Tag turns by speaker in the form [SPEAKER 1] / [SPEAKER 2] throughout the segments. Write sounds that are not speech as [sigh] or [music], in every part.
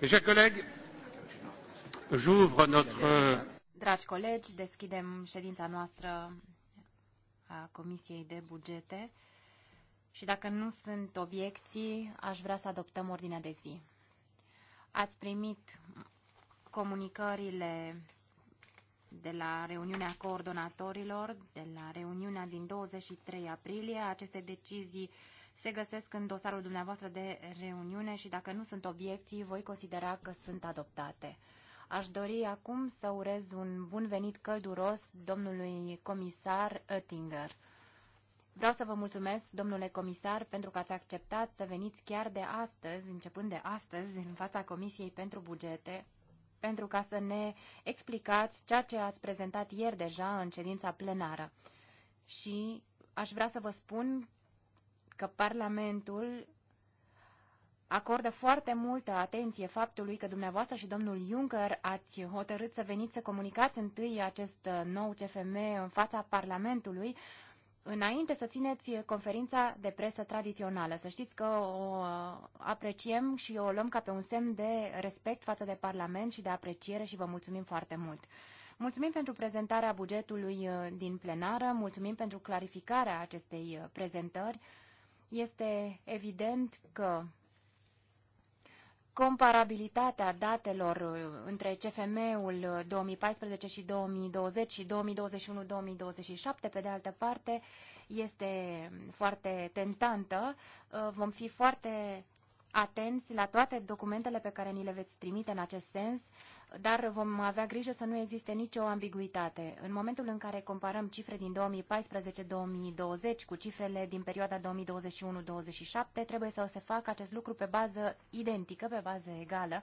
[SPEAKER 1] Euh,
[SPEAKER 2] Dragi colegi, deschidem ședința noastră a Comisiei de Bugete și dacă nu sunt obiecții, aș vrea să adoptăm ordinea de zi. Ați primit comunicările de la reuniunea coordonatorilor, de la reuniunea din 23 aprilie, aceste decizii se găsesc în dosarul dumneavoastră de reuniune și dacă nu sunt obiecții, voi considera că sunt adoptate. Aș dori acum să urez un bun venit călduros domnului comisar Oettinger. Vreau să vă mulțumesc, domnule comisar, pentru că ați acceptat să veniți chiar de astăzi, începând de astăzi, în fața Comisiei pentru Bugete, pentru ca să ne explicați ceea ce ați prezentat ieri deja în ședința plenară. Și aș vrea să vă spun că Parlamentul acordă foarte multă atenție faptului că dumneavoastră și domnul Juncker ați hotărât să veniți să comunicați întâi acest uh, nou CFM în fața Parlamentului, înainte să țineți conferința de presă tradițională. Să știți că o uh, apreciem și o luăm ca pe un semn de respect față de Parlament și de apreciere și vă mulțumim foarte mult. Mulțumim pentru prezentarea bugetului uh, din plenară, mulțumim pentru clarificarea acestei prezentări. Este evident că comparabilitatea datelor uh, între CFM-ul 2014 uh, și 2020 și 2021-2027, pe de altă parte, este foarte tentantă. Uh, vom fi foarte atenți la toate documentele pe care ni le veți trimite în acest sens dar vom avea grijă să nu existe nicio ambiguitate. În momentul în care comparăm cifre din 2014-2020 cu cifrele din perioada 2021-2027, trebuie să se facă acest lucru pe bază identică, pe bază egală,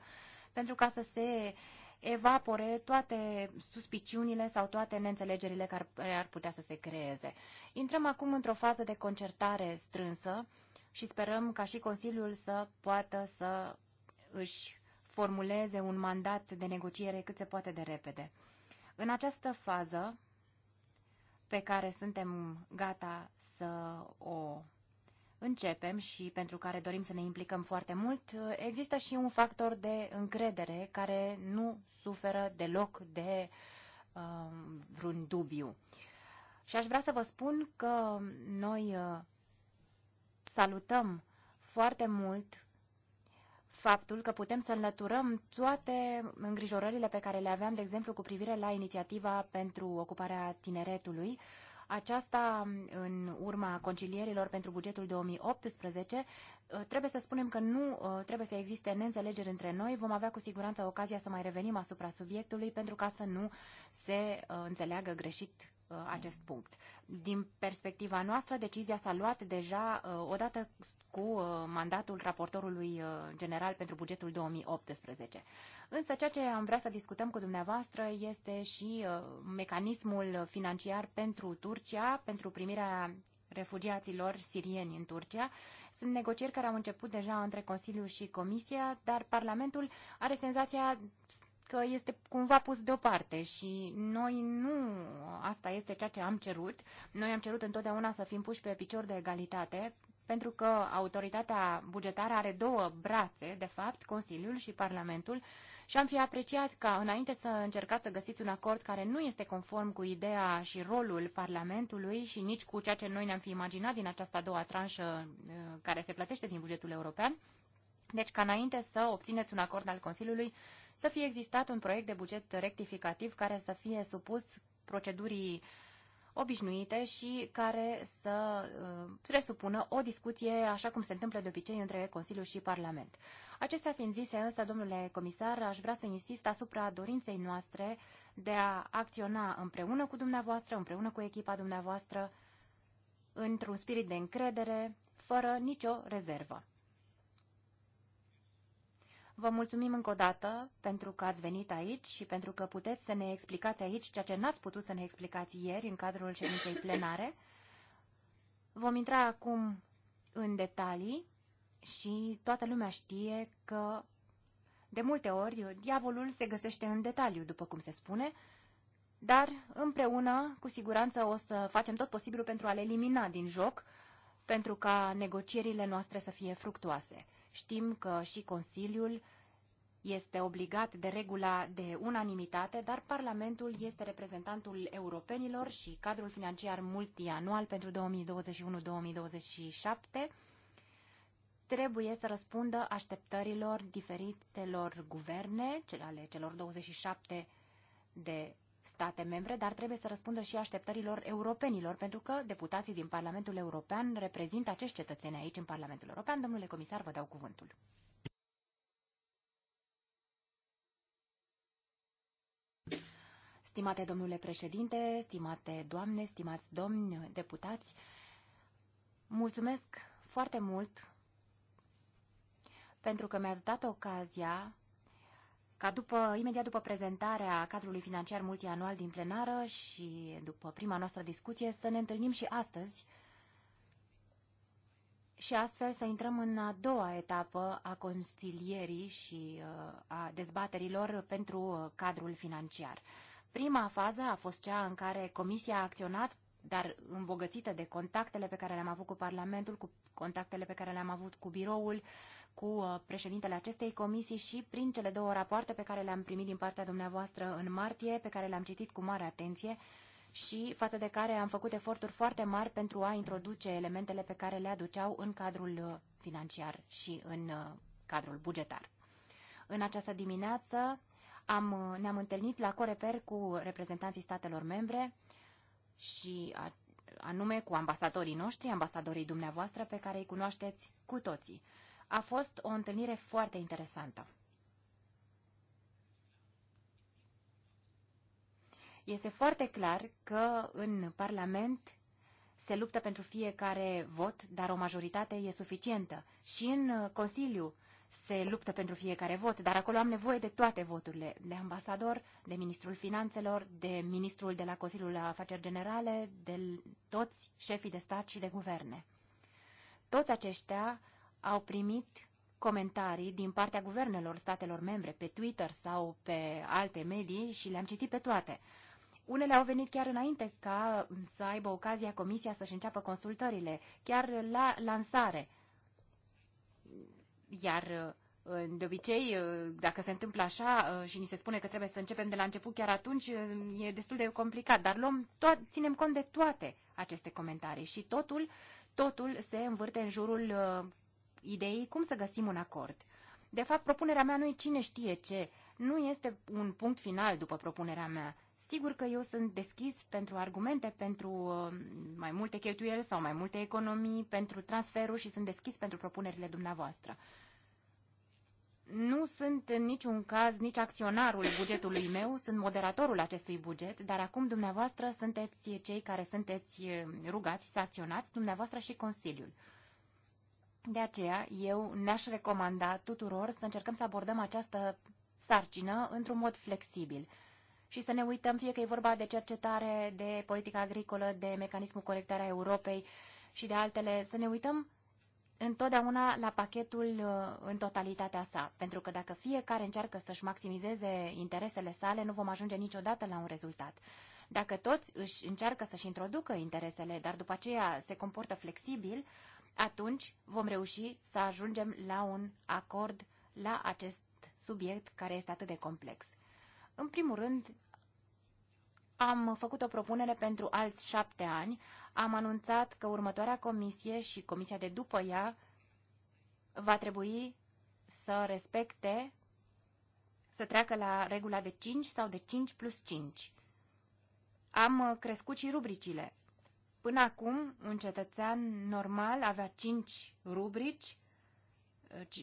[SPEAKER 2] pentru ca să se evapore toate suspiciunile sau toate neînțelegerile care ar putea să se creeze. Intrăm acum într-o fază de concertare strânsă și sperăm ca și Consiliul să poată să își formuleze un mandat de negociere cât se poate de repede. În această fază pe care suntem gata să o începem și pentru care dorim să ne implicăm foarte mult, există și un factor de încredere care nu suferă deloc de uh, vreun dubiu. Și aș vrea să vă spun că noi uh, salutăm foarte mult faptul că putem să înlăturăm toate îngrijorările pe care le aveam, de exemplu, cu privire la inițiativa pentru ocuparea tineretului, aceasta în urma concilierilor pentru bugetul 2018. Ă, trebuie să spunem că nu ă, trebuie să existe neînțelegeri între noi. Vom avea cu siguranță ocazia să mai revenim asupra subiectului pentru ca să nu se ă, înțeleagă greșit Uh, acest punct. Din perspectiva noastră, decizia s-a luat deja uh, odată cu uh, mandatul raportorului general pentru bugetul 2018. Însă ceea ce am vrea să discutăm cu dumneavoastră este și mecanismul financiar pentru Turcia, pentru primirea refugiaților sirieni în Turcia. Sunt negocieri care au început deja între Consiliu și Comisia, dar Parlamentul are senzația că este cumva pus deoparte și noi nu, asta este ceea ce am cerut. Noi am cerut întotdeauna să fim puși pe picior de egalitate, pentru că autoritatea bugetară are două brațe, de fapt, Consiliul și Parlamentul, și am fi apreciat ca, înainte să încercați să găsiți un acord care nu este conform cu ideea și rolul Parlamentului și nici cu ceea ce noi ne-am fi imaginat din această a doua tranșă uh, care se plătește din bugetul european, deci ca înainte să obțineți un acord al Consiliului, să fie existat un proiect de buget rectificativ care să fie supus procedurii obișnuite și care să uh, presupună o discuție, așa cum se întâmplă de obicei, între Consiliu și Parlament. Acestea fiind zise, însă, domnule comisar, aș vrea să insist asupra dorinței noastre de a acționa împreună cu dumneavoastră, împreună cu echipa dumneavoastră, într-un spirit de încredere, fără nicio rezervă. Vă mulțumim încă o dată pentru că ați venit aici și pentru că puteți să ne explicați aici ceea ce n-ați putut să ne explicați ieri în cadrul ședinței plenare. Vom intra acum în detalii și toată lumea știe că de multe ori diavolul se găsește în detaliu, după cum se spune, dar împreună, cu siguranță, o să facem tot posibilul pentru a-l elimina din joc, pentru ca negocierile noastre să fie fructuoase. Știm că și Consiliul este obligat de regula de unanimitate, dar Parlamentul este reprezentantul europenilor și cadrul financiar multianual pentru 2021-2027 trebuie să răspundă așteptărilor diferitelor guverne, cele ale celor 27 de state membre, dar trebuie să răspundă și așteptărilor europenilor, pentru că deputații din Parlamentul European reprezintă acești cetățeni aici în Parlamentul European. Domnule comisar, vă dau cuvântul. Stimate domnule președinte, stimate doamne, stimați domni deputați, mulțumesc foarte mult pentru că mi-ați dat ocazia ca după, imediat după prezentarea cadrului financiar multianual din plenară și după prima noastră discuție să ne întâlnim și astăzi și astfel să intrăm în a doua etapă a consilierii și uh, a dezbaterilor pentru uh, cadrul financiar. Prima fază a fost cea în care Comisia a acționat, dar îmbogățită de contactele pe care le-am avut cu Parlamentul, cu contactele pe care le-am avut cu biroul, cu uh, președintele acestei comisii și prin cele două rapoarte pe care le-am primit din partea dumneavoastră în martie, pe care le-am citit cu mare atenție și față de care am făcut eforturi foarte mari pentru a introduce elementele pe care le aduceau în cadrul uh, financiar și în uh, cadrul bugetar. În această dimineață am, ne-am întâlnit la Coreper cu reprezentanții statelor membre și a, anume cu ambasadorii noștri, ambasadorii dumneavoastră pe care îi cunoașteți cu toții. A fost o întâlnire foarte interesantă. Este foarte clar că în Parlament se luptă pentru fiecare vot, dar o majoritate e suficientă. Și în uh, Consiliu se luptă pentru fiecare vot, dar acolo am nevoie de toate voturile, de ambasador, de ministrul finanțelor, de ministrul de la Consiliul Afaceri Generale, de toți șefii de stat și de guverne. Toți aceștia au primit comentarii din partea guvernelor statelor membre pe Twitter sau pe alte medii și le-am citit pe toate. Unele au venit chiar înainte ca să aibă ocazia comisia să-și înceapă consultările, chiar la lansare. Iar de obicei, dacă se întâmplă așa uh, și ni se spune că trebuie să începem de la început chiar atunci, uh, e destul de complicat, dar luăm to- ținem cont de toate aceste comentarii și totul, totul se învârte în jurul uh, idei cum să găsim un acord. De fapt, propunerea mea nu e cine știe ce, nu este un punct final după propunerea mea. Sigur că eu sunt deschis pentru argumente, pentru uh, mai multe cheltuieli sau mai multe economii, pentru transferuri și sunt deschis pentru propunerile dumneavoastră. Nu sunt în niciun caz nici acționarul bugetului meu, sunt moderatorul acestui buget, dar acum dumneavoastră sunteți cei care sunteți uh, rugați să acționați, dumneavoastră și Consiliul. De aceea, eu ne-aș recomanda tuturor să încercăm să abordăm această sarcină într-un mod flexibil și să ne uităm, fie că e vorba de cercetare, de politică agricolă, de mecanismul colectarea Europei și de altele, să ne uităm întotdeauna la pachetul uh, în totalitatea sa, pentru că dacă fiecare încearcă să-și maximizeze interesele sale, nu vom ajunge niciodată la un rezultat. Dacă toți își încearcă să-și introducă interesele, dar după aceea se comportă flexibil, atunci vom reuși să ajungem la un acord la acest subiect care este atât de complex. În primul rând, am făcut o propunere pentru alți șapte ani. Am anunțat că următoarea comisie și comisia de după ea va trebui să respecte, să treacă la regula de 5 sau de 5 plus 5. Am crescut și rubricile. Până acum, un cetățean normal avea 5 rubrici,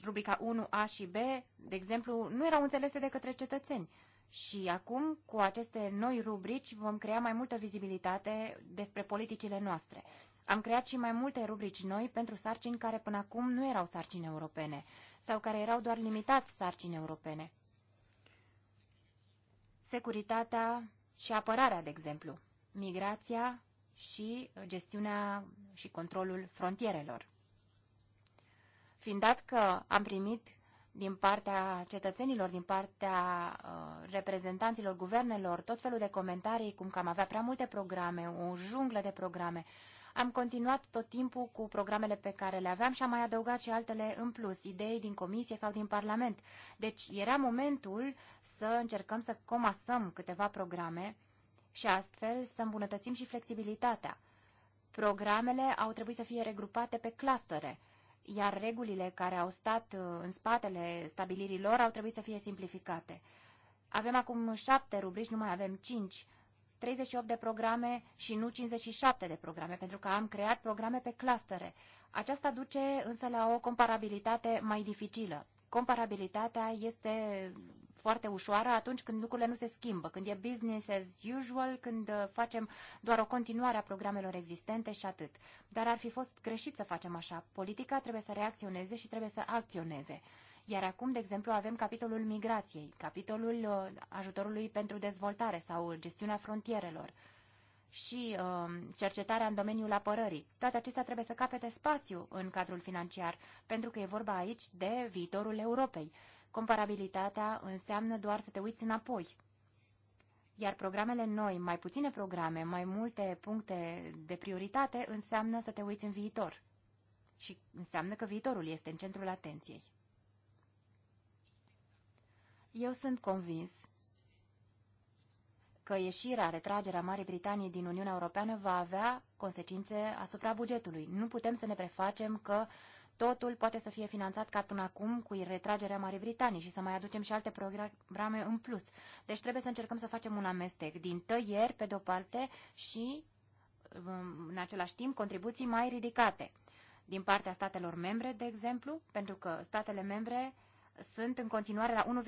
[SPEAKER 2] rubrica 1, A și B, de exemplu, nu erau înțelese de către cetățeni. Și acum, cu aceste noi rubrici, vom crea mai multă vizibilitate despre politicile noastre. Am creat și mai multe rubrici noi pentru sarcini care până acum nu erau sarcini europene sau care erau doar limitați sarcini europene. Securitatea și apărarea, de exemplu, migrația și gestiunea și controlul frontierelor. Fiind dat că am primit din partea cetățenilor, din partea uh, reprezentanților guvernelor, tot felul de comentarii, cum că am avea prea multe programe, o junglă de programe. Am continuat tot timpul cu programele pe care le aveam și am mai adăugat și altele în plus, idei din comisie sau din parlament. Deci era momentul să încercăm să comasăm câteva programe și astfel să îmbunătățim și flexibilitatea. Programele au trebuit să fie regrupate pe clastere, iar regulile care au stat uh, în spatele stabilirii lor au trebuit să fie simplificate. Avem acum șapte rubrici, nu mai avem cinci, 38 de programe și nu 57 de programe, pentru că am creat programe pe clastere. Aceasta duce însă la o comparabilitate mai dificilă. Comparabilitatea este foarte ușoară atunci când lucrurile nu se schimbă, când e business as usual, când uh, facem doar o continuare a programelor existente și atât. Dar ar fi fost greșit să facem așa. Politica trebuie să reacționeze și trebuie să acționeze. Iar acum, de exemplu, avem capitolul migrației, capitolul uh, ajutorului pentru dezvoltare sau gestiunea frontierelor și uh, cercetarea în domeniul apărării. Toate acestea trebuie să capete spațiu în cadrul financiar, pentru că e vorba aici de viitorul Europei. Comparabilitatea înseamnă doar să te uiți înapoi. Iar programele noi, mai puține programe, mai multe puncte de prioritate, înseamnă să te uiți în viitor. Și înseamnă că viitorul este în centrul atenției. Eu sunt convins că ieșirea, retragerea Marii Britanii din Uniunea Europeană va avea consecințe asupra bugetului. Nu putem să ne prefacem că uh, Totul poate să fie finanțat ca până acum cu retragerea Marii Britanii și să mai aducem și alte programe în plus. Deci trebuie să încercăm să facem un amestec din tăieri pe de-o parte și um, în același timp contribuții mai ridicate din partea statelor membre, de exemplu, pentru că statele membre sunt în continuare la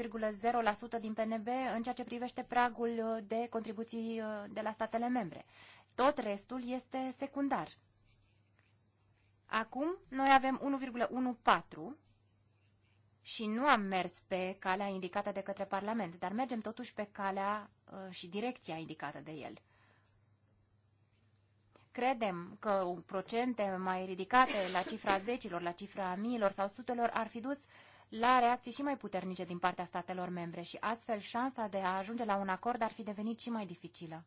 [SPEAKER 2] 1,0% din PNB în ceea ce privește pragul uh, de contribuții uh, de la statele membre. Tot restul este secundar. Acum noi avem 1,14 și nu am mers pe calea indicată de către Parlament, dar mergem totuși pe calea uh, și direcția indicată de el. Credem că procente mai ridicate la cifra zecilor, la cifra miilor sau sutelor ar fi dus la reacții și mai puternice din partea statelor membre și astfel șansa de a ajunge la un acord ar fi devenit și mai dificilă.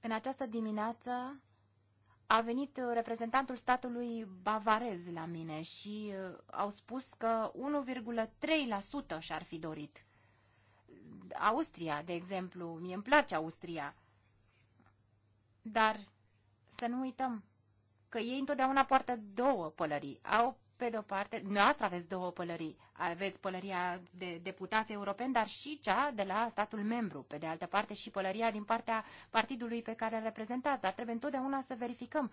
[SPEAKER 2] În această dimineață a venit uh, reprezentantul statului bavarez la mine și uh, au spus că 1,3% și-ar fi dorit. Austria, de exemplu, mie îmi place Austria, dar să nu uităm că ei întotdeauna poartă două pălării. Au pe de-o parte, noastră aveți două pălării. Aveți pălăria de deputați europeni, dar și cea de la statul membru. Pe de altă parte și pălăria din partea partidului pe care îl reprezentați. Dar trebuie întotdeauna să verificăm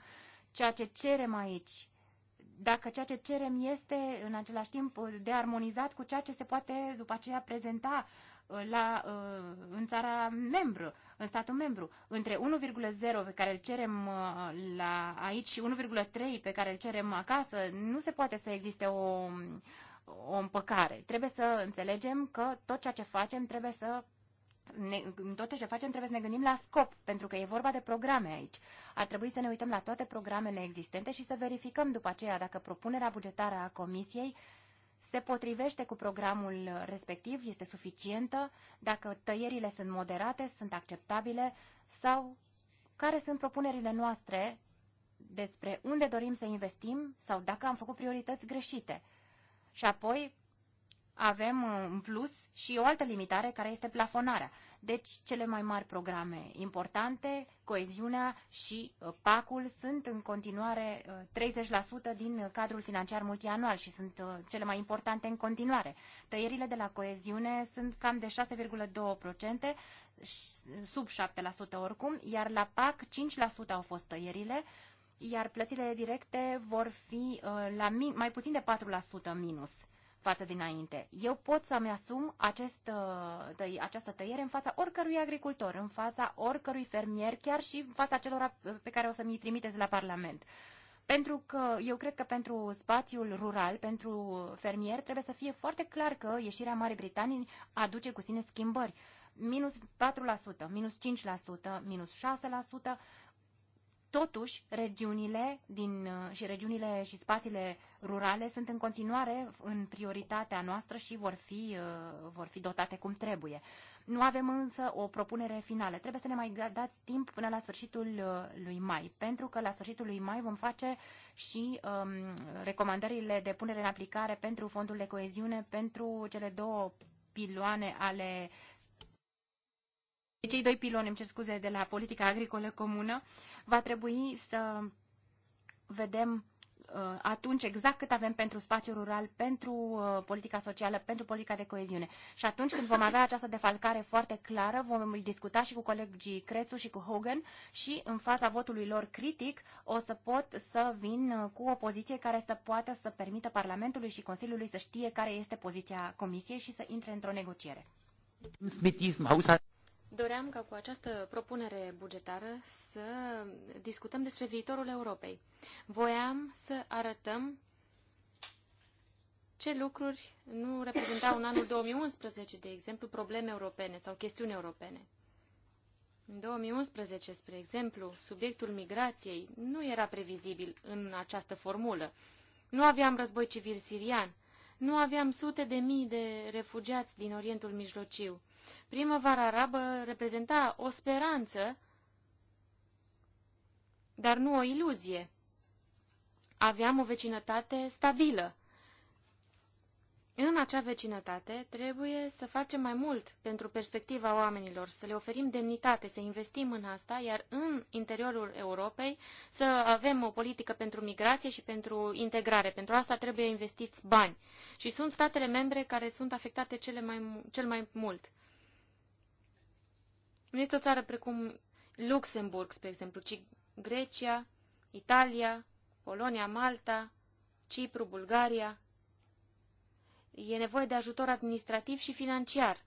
[SPEAKER 2] ceea ce cerem aici. Dacă ceea ce cerem este în același timp de armonizat cu ceea ce se poate după aceea prezenta uh, la, uh, în țara membru, în statul membru. Între 1,0 pe care îl cerem uh, la aici și 1,3 pe care îl cerem acasă, nu se poate să existe o, o împăcare. Trebuie să înțelegem că tot ceea ce facem trebuie să ne, tot ce facem trebuie să ne gândim la scop, pentru că e vorba de programe aici. Ar trebui să ne uităm la toate programele existente și să verificăm după aceea dacă propunerea bugetară a Comisiei uh, se potrivește cu programul respectiv, este suficientă, dacă tăierile sunt moderate, sunt acceptabile sau care sunt propunerile noastre despre unde dorim să investim sau dacă am făcut priorități greșite. Și apoi avem uh, în plus și o altă limitare care este plafonarea. Deci, cele mai mari programe importante, coeziunea și uh, pac sunt în continuare 30% uh, din uh, cadrul financiar multianual și sunt cele mai importante în continuare. Tăierile de la coeziune sunt cam de 6,2%, sub 7% oricum, iar la PAC 5% au fost tăierile, iar plățile directe vor fi la mai puțin de 4% minus față dinainte. Eu pot să-mi asum acest, uh, tăi, această tăiere în fața oricărui agricultor, în fața oricărui fermier, chiar și în fața celor pe care o să mi trimiteți la Parlament. Pentru că eu cred că pentru spațiul rural, pentru fermier, trebuie să fie foarte clar că ieșirea Marii Britanii aduce cu sine schimbări. Minus 4%, minus 5%, minus 6%, Totuși, regiunile din, uh, și regiunile și spațiile rurale sunt în continuare în prioritatea noastră și vor fi, uh, vor fi dotate cum trebuie. Nu avem însă o propunere finală. Trebuie să ne mai dați timp până la sfârșitul uh, lui mai, pentru că la sfârșitul lui mai vom face și um, recomandările de punere în aplicare pentru fondul de coeziune, pentru cele două piloane ale uh, cei doi piloni, îmi cer scuze, de la politica agricolă comună, va trebui să vedem uh, atunci exact cât avem pentru spațiul rural, pentru uh, politica socială, pentru politica de coeziune. Și atunci când vom avea această defalcare foarte clară, vom discuta și cu colegii Crețu și cu Hogan și în fața votului lor critic o să pot să vin uh, cu o poziție care să poată să permită Parlamentului și Consiliului să știe care este poziția Comisiei și să intre într-o negociere.
[SPEAKER 1] Doream ca cu această propunere bugetară să discutăm despre viitorul Europei. Voiam să arătăm ce lucruri nu reprezentau în anul 2011, de exemplu, probleme europene sau chestiuni europene. În 2011, spre exemplu, subiectul migrației nu era previzibil în această formulă. Nu aveam război civil sirian, nu aveam sute de mii de refugiați din Orientul Mijlociu. Primăvara arabă reprezenta o speranță, dar nu o iluzie. Aveam o vecinătate stabilă. În acea vecinătate trebuie să facem mai mult pentru perspectiva oamenilor, să le oferim demnitate, să investim în asta, iar în interiorul Europei să avem o politică pentru migrație și pentru integrare. Pentru asta trebuie investiți bani. Și sunt statele membre care sunt afectate cele mai, cel mai mult. Nu este o țară precum Luxemburg, spre exemplu, ci Grecia, Italia, Polonia, Malta, Cipru, Bulgaria. E nevoie de ajutor administrativ și financiar.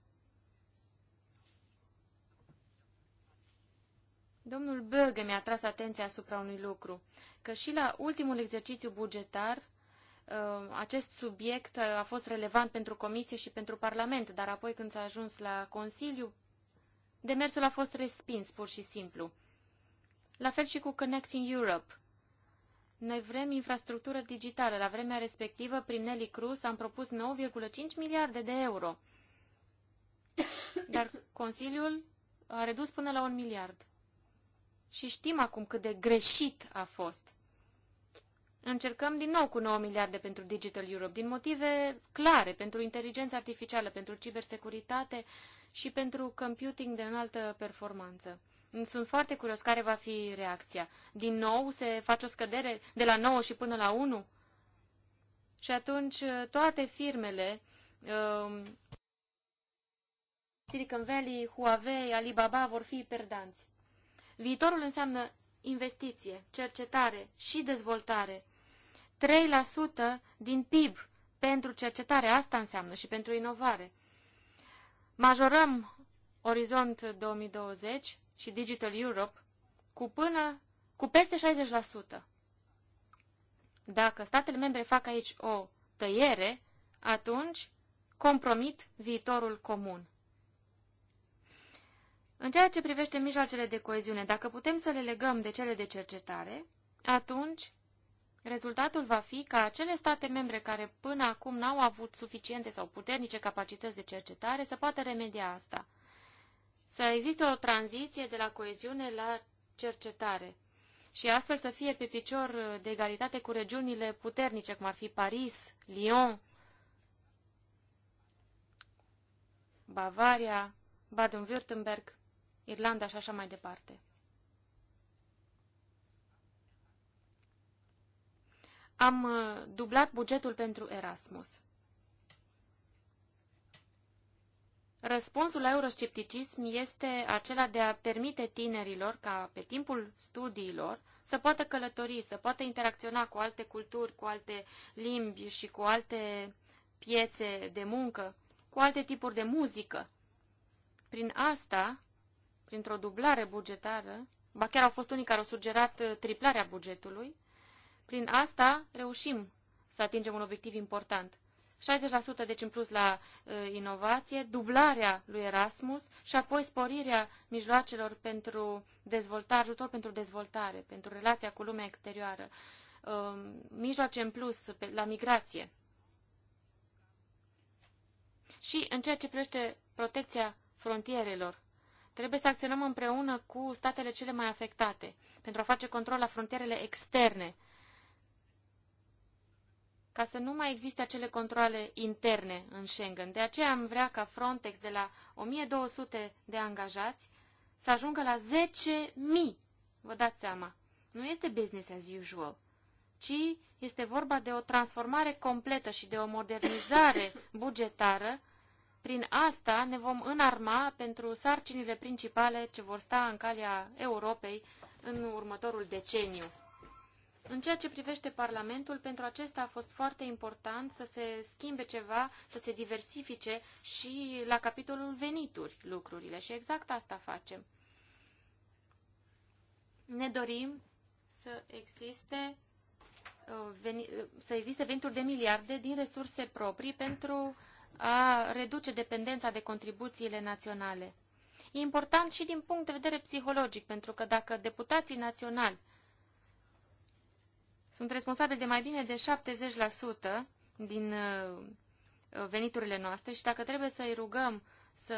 [SPEAKER 1] Domnul Böge mi-a tras atenția asupra unui lucru, că și la ultimul exercițiu bugetar uh, acest subiect uh, a fost relevant pentru Comisie și pentru Parlament, dar apoi când s-a ajuns la Consiliu, Demersul a fost respins, pur și simplu. La fel și cu Connecting Europe. Noi vrem infrastructură digitală. La vremea respectivă, prin Nelly Cruz, am propus 9,5 miliarde de euro. Dar Consiliul a redus până la un miliard. Și știm acum cât de greșit a fost. Încercăm din nou cu 9 miliarde pentru Digital Europe, din motive clare, pentru inteligență artificială, pentru cibersecuritate, și pentru computing de înaltă performanță. Sunt foarte curios care va fi reacția. Din nou se face o scădere de la 9 și până la 1? Și atunci uh, toate firmele, uh, Silicon Valley, Huawei, Alibaba, vor fi perdanți. Viitorul înseamnă investiție, cercetare și dezvoltare. 3% din PIB pentru cercetare, asta înseamnă și pentru inovare majorăm Orizont 2020 și Digital Europe cu, până, cu peste 60%. Dacă statele membre fac aici o tăiere, atunci compromit viitorul comun. În ceea ce privește mijloacele de coeziune, dacă putem să le legăm de cele de cercetare, atunci Rezultatul va fi ca acele state membre care până acum n-au avut suficiente sau puternice capacități de cercetare să poată remedia asta. Să existe o tranziție de la coeziune la cercetare și astfel să fie pe picior de egalitate cu regiunile puternice, cum ar fi Paris, Lyon, Bavaria, Baden-Württemberg, Irlanda și așa mai departe. am uh, dublat bugetul pentru Erasmus. Răspunsul la euroscepticism este acela de a permite tinerilor ca pe timpul studiilor să poată călători, să poată interacționa cu alte culturi, cu alte limbi și cu alte piețe de muncă, cu alte tipuri de muzică. Prin asta, printr-o dublare bugetară, ba chiar au fost unii care au sugerat uh, triplarea bugetului, prin asta reușim să atingem un obiectiv important. 60% deci în plus la uh, inovație, dublarea lui Erasmus și apoi sporirea mijloacelor pentru dezvoltare, ajutor pentru dezvoltare, pentru relația cu lumea exterioară, uh, mijloace în plus pe, la migrație. Și în ceea ce privește protecția frontierelor, trebuie să acționăm împreună cu statele cele mai afectate pentru a face control la frontierele externe ca să nu mai existe acele controle interne în Schengen. De aceea am vrea ca Frontex de la 1200 de angajați să ajungă la 10.000. Vă dați seama, nu este business as usual, ci este vorba de o transformare completă și de o modernizare [laughs] bugetară. Prin asta ne vom înarma pentru sarcinile principale ce vor sta în calea Europei în următorul deceniu. În ceea ce privește Parlamentul, pentru acesta a fost foarte important să se schimbe ceva, să se diversifice și la capitolul venituri lucrurile. Și exact asta facem. Ne dorim să existe uh, să existe venituri de miliarde din resurse proprii pentru a reduce dependența de contribuțiile naționale. E important și din punct de vedere psihologic, pentru că dacă deputații naționali sunt responsabili de mai bine de 70% din uh, uh, veniturile noastre și dacă trebuie să-i rugăm să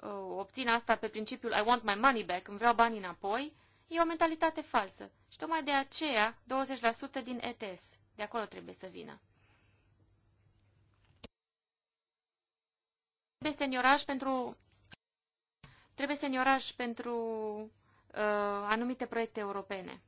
[SPEAKER 1] uh, obțin asta pe principiul I want my money back, îmi vreau banii înapoi, e o mentalitate falsă. Și tocmai de aceea 20% din ETS, de acolo trebuie să vină. Trebuie senioraj pentru, trebuie senioraj pentru uh, anumite proiecte europene.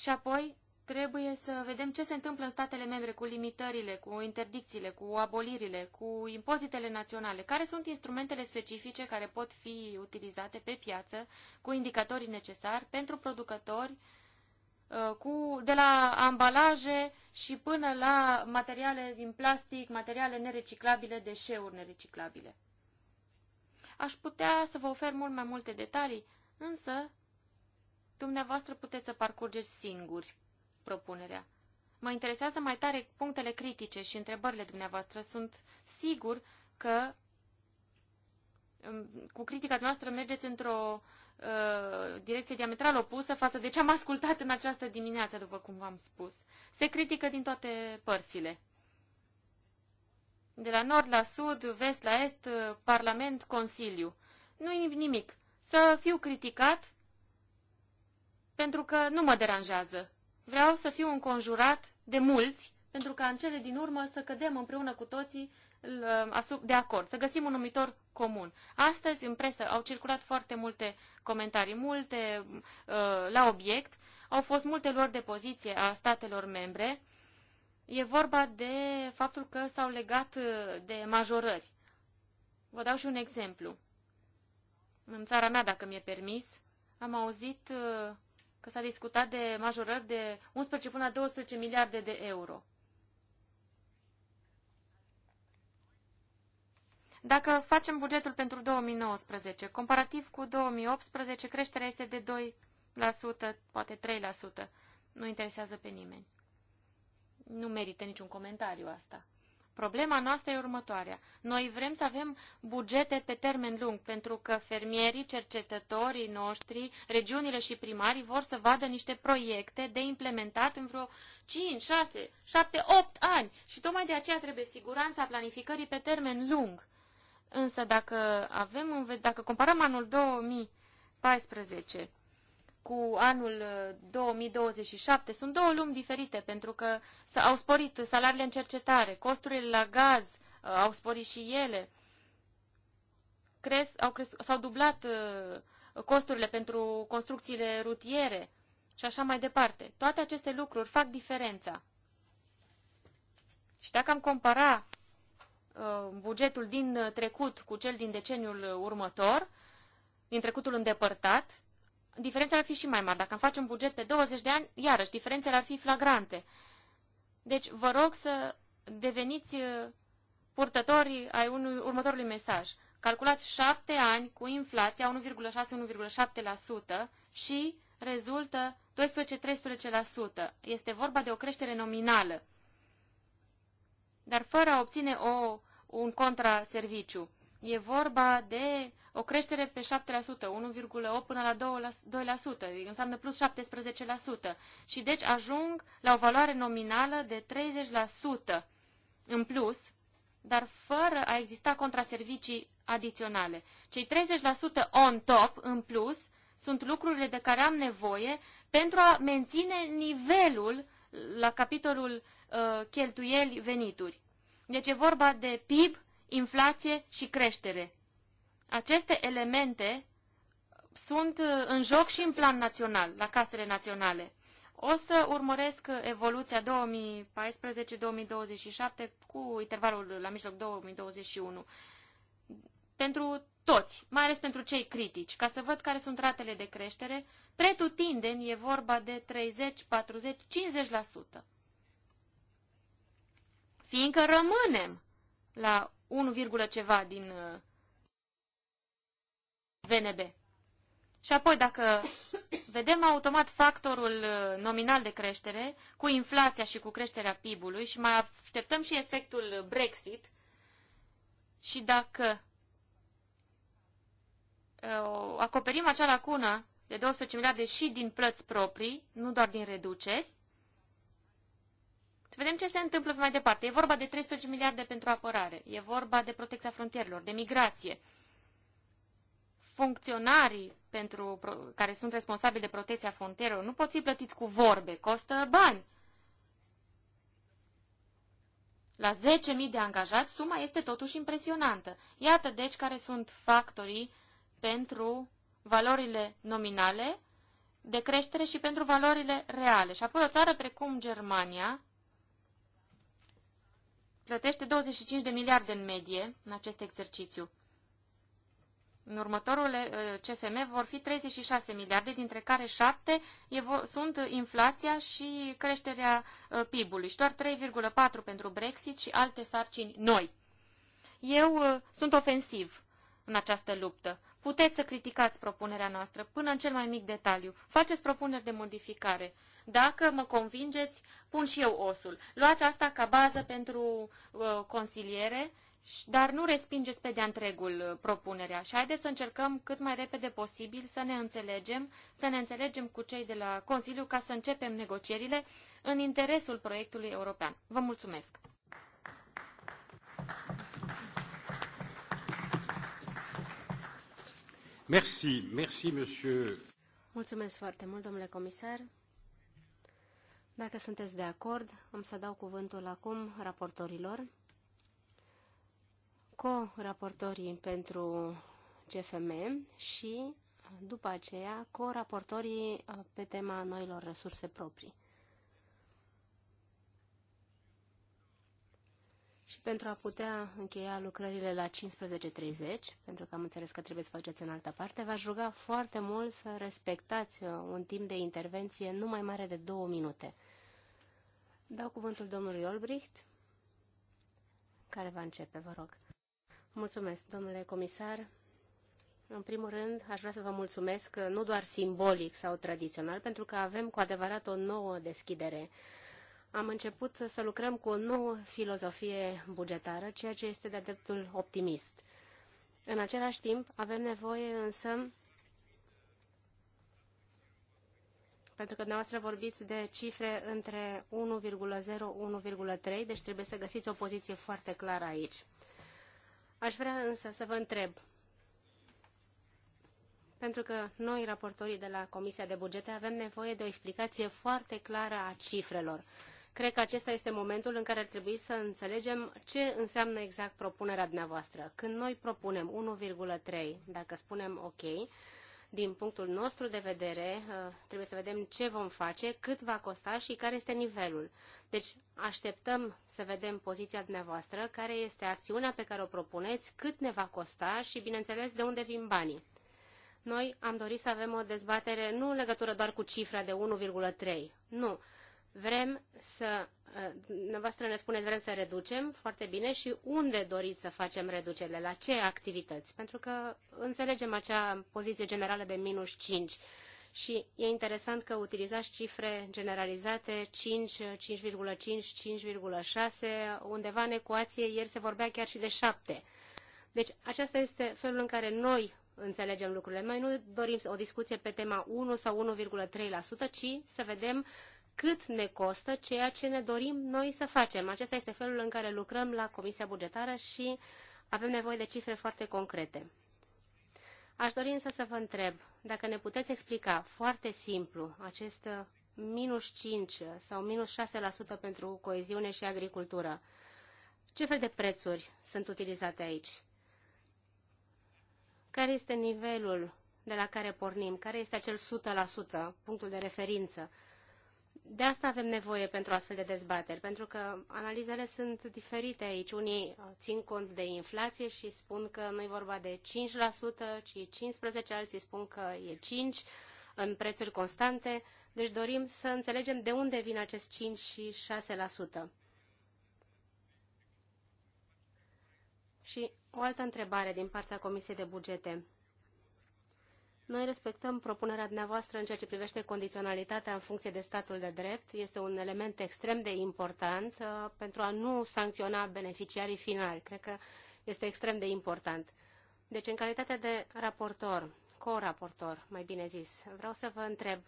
[SPEAKER 1] Și apoi trebuie să vedem ce se întâmplă în statele membre cu limitările, cu interdicțiile, cu abolirile, cu impozitele naționale, care sunt instrumentele specifice care pot fi utilizate pe piață cu indicatorii necesari pentru producători, uh, cu, de la ambalaje și până la materiale din plastic, materiale nereciclabile, deșeuri nereciclabile. Aș putea să vă ofer mult mai multe detalii, însă Dumneavoastră puteți să parcurgeți singuri propunerea. Mă interesează mai tare punctele critice și întrebările dumneavoastră. Sunt sigur că um, cu critica noastră mergeți într-o uh, direcție diametral opusă față de ce am ascultat în această dimineață, după cum v-am spus. Se critică din toate părțile. De la nord la sud, vest la est, uh, Parlament, Consiliu. Nu-i nimic. Să fiu criticat pentru că nu mă deranjează. Vreau să fiu înconjurat de mulți, pentru ca în cele din urmă să cădem împreună cu toții uh, de acord, să găsim un numitor comun. Astăzi, în presă, au circulat foarte multe comentarii, multe uh, la obiect, au fost multe lor de poziție a statelor membre. E vorba de faptul că s-au legat uh, de majorări. Vă dau și un exemplu. În țara mea, dacă mi-e permis, am auzit că s-a discutat de majorări de 11 până la 12 miliarde de euro. Dacă facem bugetul pentru 2019, comparativ cu 2018, creșterea este de 2%, poate 3%. Nu interesează pe nimeni. Nu merită niciun comentariu asta. Problema noastră e următoarea. Noi vrem să avem bugete pe termen lung, pentru că fermierii, cercetătorii noștri, regiunile și primarii vor să vadă niște proiecte de implementat în vreo 5, 6, 7, 8 ani. Și tocmai de aceea trebuie siguranța planificării pe termen lung. Însă dacă, avem, dacă comparăm anul 2014 cu anul 2027 uh, sunt două lumi diferite, pentru că au sporit salariile în cercetare, costurile la gaz uh, au sporit și ele, cres, au cres, s-au dublat uh, costurile pentru construcțiile rutiere și așa mai departe. Toate aceste lucruri fac diferența. Și dacă am compara bugetul din trecut cu cel din deceniul următor, din trecutul îndepărtat, diferența ar fi și mai mare. Dacă am face un buget pe 20 de ani, iarăși, diferențele ar fi flagrante. Deci, vă rog să deveniți uh, purtători ai unui, următorului mesaj. Calculați 7 ani cu inflația 1,6-1,7% și rezultă 12-13%. Este vorba de o creștere nominală, dar fără a obține o, un contraserviciu. E vorba de o creștere pe 7%, 1,8 până la 2%, înseamnă plus 17%. Și deci ajung la o valoare nominală de 30% în plus, dar fără a exista contraservicii adiționale. Cei 30% on top, în plus, sunt lucrurile de care am nevoie pentru a menține nivelul la capitolul uh, cheltuieli venituri. Deci e vorba de PIB, inflație și creștere aceste elemente sunt uh, în joc și în plan național, la casele naționale. O să urmăresc uh, evoluția 2014-2027 cu intervalul uh, la mijloc 2021 pentru toți, mai ales pentru cei critici, ca să văd care sunt ratele de creștere. Pretutindeni e vorba de 30, 40, 50%. Fiindcă rămânem la 1, ceva din VNB. Și apoi, dacă [coughs] vedem automat factorul uh, nominal de creștere cu inflația și cu creșterea PIB-ului și mai așteptăm și efectul Brexit și dacă uh, acoperim acea lacună de 12 miliarde și din plăți proprii, nu doar din reduceri, să vedem ce se întâmplă mai departe. E vorba de 13 miliarde pentru apărare, e vorba de protecția frontierelor, de migrație, funcționarii pentru, care sunt responsabili de protecția frontierelor nu pot fi plătiți cu vorbe, costă bani. La 10.000 de angajați, suma este totuși impresionantă. Iată deci care sunt factorii pentru valorile nominale de creștere și pentru valorile reale. Și apoi o țară precum Germania plătește 25 de miliarde în medie în acest exercițiu în următorul eh, CFM vor fi 36 miliarde, dintre care 7 sunt inflația și creșterea eh, PIB-ului și doar 3,4 pentru Brexit și alte sarcini noi. Eu eh, sunt ofensiv în această luptă. Puteți să criticați propunerea noastră până în cel mai mic detaliu. Faceți propuneri de modificare. Dacă mă convingeți, pun și eu osul. Luați asta ca bază pentru uh, consiliere dar nu respingeți pe de-a întregul uh, propunerea și haideți să încercăm cât mai repede posibil să ne înțelegem, să ne înțelegem cu cei de la Consiliu ca să începem negocierile în interesul proiectului european. Vă mulțumesc!
[SPEAKER 2] Merci, merci, monsieur.
[SPEAKER 3] Mulțumesc foarte mult, domnule comisar. Dacă sunteți de acord, am să dau cuvântul acum raportorilor co-raportorii pentru CFM și, după aceea, co-raportorii uh, pe tema noilor resurse proprii. Și pentru a putea încheia lucrările la 15.30, pentru că am înțeles că trebuie să faceți în altă parte, v-aș ruga foarte mult să respectați uh, un timp de intervenție nu mai mare de două minute. Dau cuvântul domnului Olbricht, care va începe, vă rog. Mulțumesc, domnule comisar. În primul rând, a vrea să vă mulțumesc nu doar simbolic sau tradițional, pentru că avem cu adevărat o nouă deschidere. Am început să lucrăm cu o nouă filozofie bugetară, ceea ce este de-a dreptul optimist. În același timp, avem nevoie însă, pentru că dumneavoastră vorbiți de cifre între 1,0-1,3, deci trebuie să găsiți o poziție foarte clară aici. Aș vrea însă să vă întreb, pentru că noi, raportorii de la Comisia de Bugete, avem nevoie de o explicație foarte clară a cifrelor. Cred că acesta este momentul în care ar trebui să înțelegem ce înseamnă exact propunerea dumneavoastră. Când noi propunem 1,3, dacă spunem ok, din punctul nostru de vedere, uh, trebuie să vedem ce vom face, cât va costa și care este nivelul. Deci așteptăm să vedem poziția dumneavoastră, care este acțiunea pe care o propuneți, cât ne va costa și, bineînțeles, de unde vin banii. Noi am dorit să avem o dezbatere nu în legătură doar cu cifra de 1,3, nu, Vrem să, uh, dumneavoastră ne spuneți, vrem să reducem, foarte bine, și unde doriți să facem reducerile, la ce activități? Pentru că înțelegem acea poziție generală de minus 5 și e interesant că utilizați cifre generalizate 5, 5,5, 5,6, undeva în ecuație ieri se vorbea chiar și de 7. Deci aceasta este felul în care noi înțelegem lucrurile. Noi nu dorim o discuție pe tema 1 sau 1,3%, ci să vedem cât ne costă ceea ce ne dorim noi să facem. Acesta este felul în care lucrăm la Comisia Bugetară și avem nevoie de cifre foarte concrete. Aș dori însă să vă întreb dacă ne puteți explica foarte simplu acest minus 5 sau minus 6% pentru coeziune și agricultură. Ce fel de prețuri sunt utilizate aici? Care este nivelul de la care pornim? Care este acel 100%, punctul de referință? de asta avem nevoie pentru astfel de dezbateri, pentru că analizele sunt diferite aici. Unii uh, țin cont de inflație și spun că nu e vorba de 5%, ci 15%, alții spun că e 5% în prețuri constante. Deci dorim să înțelegem de unde vin acest 5 și 6%. Și o altă întrebare din partea Comisiei de Bugete. Noi respectăm propunerea dumneavoastră în ceea ce privește condiționalitatea în funcție de statul de drept. Este un element extrem de important uh, pentru a nu sancționa beneficiarii finali. Cred că este extrem de important. Deci, în calitate de raportor, co-raportor, mai bine zis, vreau să vă întreb,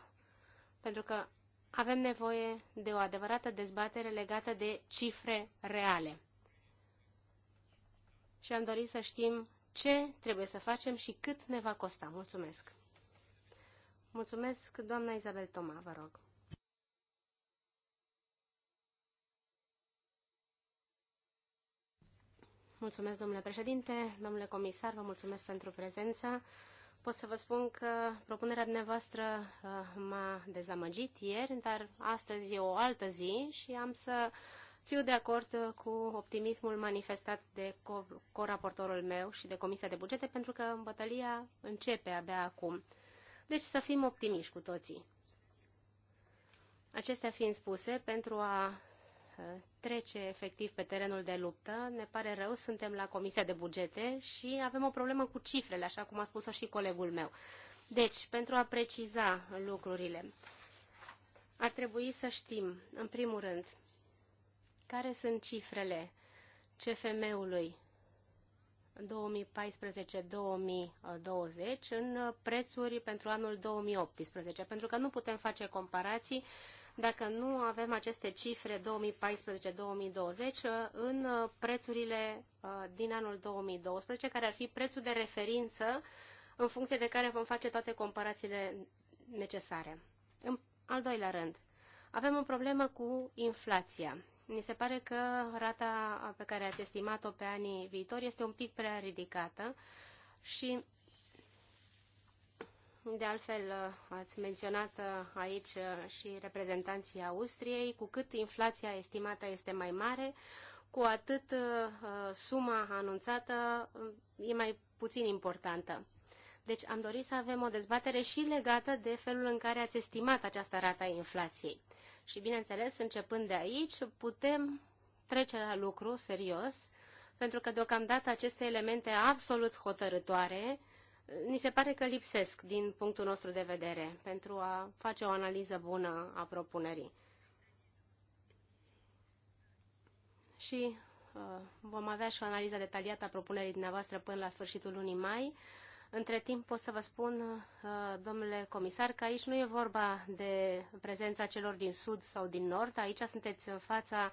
[SPEAKER 3] pentru că avem nevoie de o adevărată dezbatere legată de cifre reale. Și am dorit să știm ce trebuie să facem și cât ne va costa. Mulțumesc! Mulțumesc, doamna Izabel Toma, vă rog. Mulțumesc, domnule președinte, domnule comisar, vă mulțumesc pentru prezența. Pot să vă spun că propunerea dumneavoastră uh, m-a dezamăgit ieri, dar astăzi e o altă zi și am să fiu de acord uh, cu optimismul manifestat de coraportorul meu și de Comisia de Bugete, pentru că bătălia începe abia acum. Deci să fim optimiști cu toții. Acestea fiind spuse, pentru a uh, trece efectiv pe terenul de luptă, ne pare rău, suntem la Comisia de Bugete și avem o problemă cu cifrele, așa cum a spus-o și colegul meu. Deci, pentru a preciza lucrurile, ar trebui să știm, în primul rând, care sunt cifrele CFM-ului 2014-2020 în uh, prețuri pentru anul 2018? Pentru că nu putem face comparații dacă nu avem aceste cifre 2014-2020 uh, în uh, prețurile din anul 2012, care ar fi prețul de referință în funcție de care vom face toate comparațiile necesare. În al doilea rând, avem o problemă cu inflația. Mi se pare că rata pe care ați estimat-o pe anii viitori este un pic prea ridicată și de altfel, ați menționat aici și reprezentanții Austriei, cu cât inflația estimată este mai mare, cu atât uh, suma anunțată uh, e mai puțin importantă. Deci am dorit să avem o dezbatere și legată de felul în care ați estimat această rata inflației. Și bineînțeles, începând de aici, putem trece la lucru serios, pentru că deocamdată aceste elemente absolut hotărătoare ni se pare că lipsesc din punctul nostru de vedere pentru a face o analiză bună a propunerii. Și uh, vom avea și o analiză detaliată a propunerii dumneavoastră până la sfârșitul lunii mai, între timp pot să vă spun, uh, domnule comisar, că aici nu e vorba de prezența celor din sud sau din nord. Aici sunteți în fața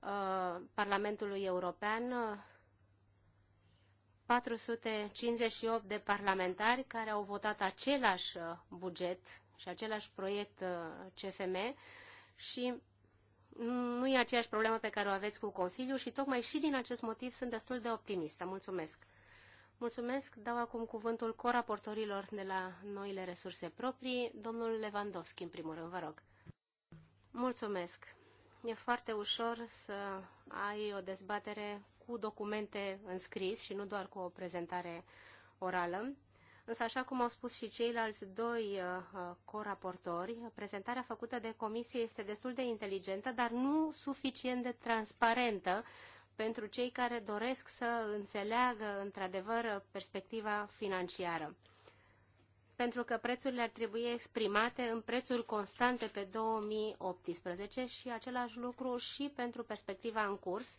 [SPEAKER 3] uh, Parlamentului European, 458 de parlamentari care au votat același uh, buget și același proiect CFM și nu e aceeași problemă pe care o aveți cu Consiliul și tocmai și din acest motiv sunt destul de optimistă. Mulțumesc! Mulțumesc. Dau acum cuvântul coraportorilor de la noile resurse proprii. Domnul Lewandowski, în primul rând, vă rog. Mulțumesc. E foarte ușor să ai o dezbatere cu documente înscris și nu doar cu o prezentare orală. Însă, așa cum au spus și ceilalți doi uh, uh coraportori, prezentarea făcută de comisie este destul de inteligentă, dar nu suficient de transparentă pentru cei care doresc să înțeleagă într-adevăr perspectiva financiară. Pentru că prețurile ar trebui exprimate în prețuri constante pe 2018 și același lucru și pentru perspectiva în curs,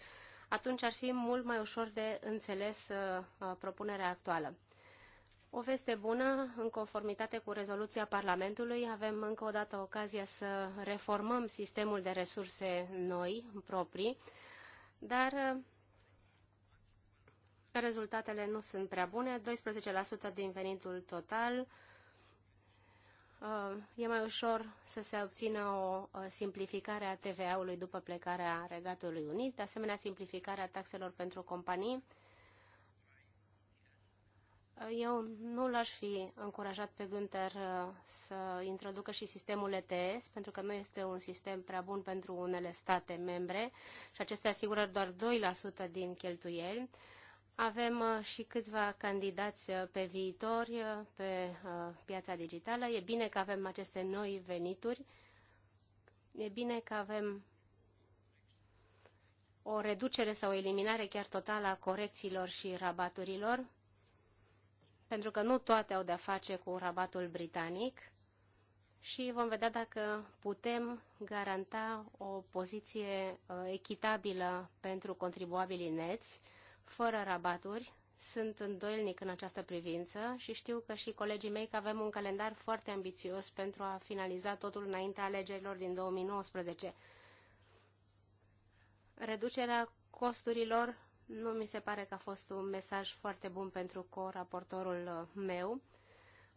[SPEAKER 3] atunci ar fi mult mai ușor de înțeles uh, uh, propunerea actuală. O veste bună, în conformitate cu rezoluția Parlamentului, avem încă o dată ocazia să reformăm sistemul de resurse noi, proprii, dar uh, rezultatele nu sunt prea bune. 12% din venitul total uh, e mai ușor să se obțină o simplificare a TVA-ului după plecarea Regatului Unit, de asemenea simplificarea taxelor pentru companii, eu nu l-aș fi încurajat pe Günther uh, să introducă și sistemul ETS, pentru că nu este un sistem prea bun pentru unele state membre și acestea asigură doar 2% din cheltuieli. Avem uh, și câțiva candidați uh, pe viitor pe piața digitală. E bine că avem aceste noi venituri. E bine că avem o reducere sau o eliminare chiar totală a corecțiilor și rabaturilor pentru că nu toate au de-a face cu rabatul britanic și vom vedea dacă putem garanta o poziție uh, echitabilă pentru contribuabilii neți, fără rabaturi. Sunt îndoielnic în această privință și știu că și colegii mei că avem un calendar foarte ambițios pentru a finaliza totul înaintea alegerilor din 2019. Reducerea costurilor nu mi se pare că a fost un mesaj foarte bun pentru co-raportorul uh, meu.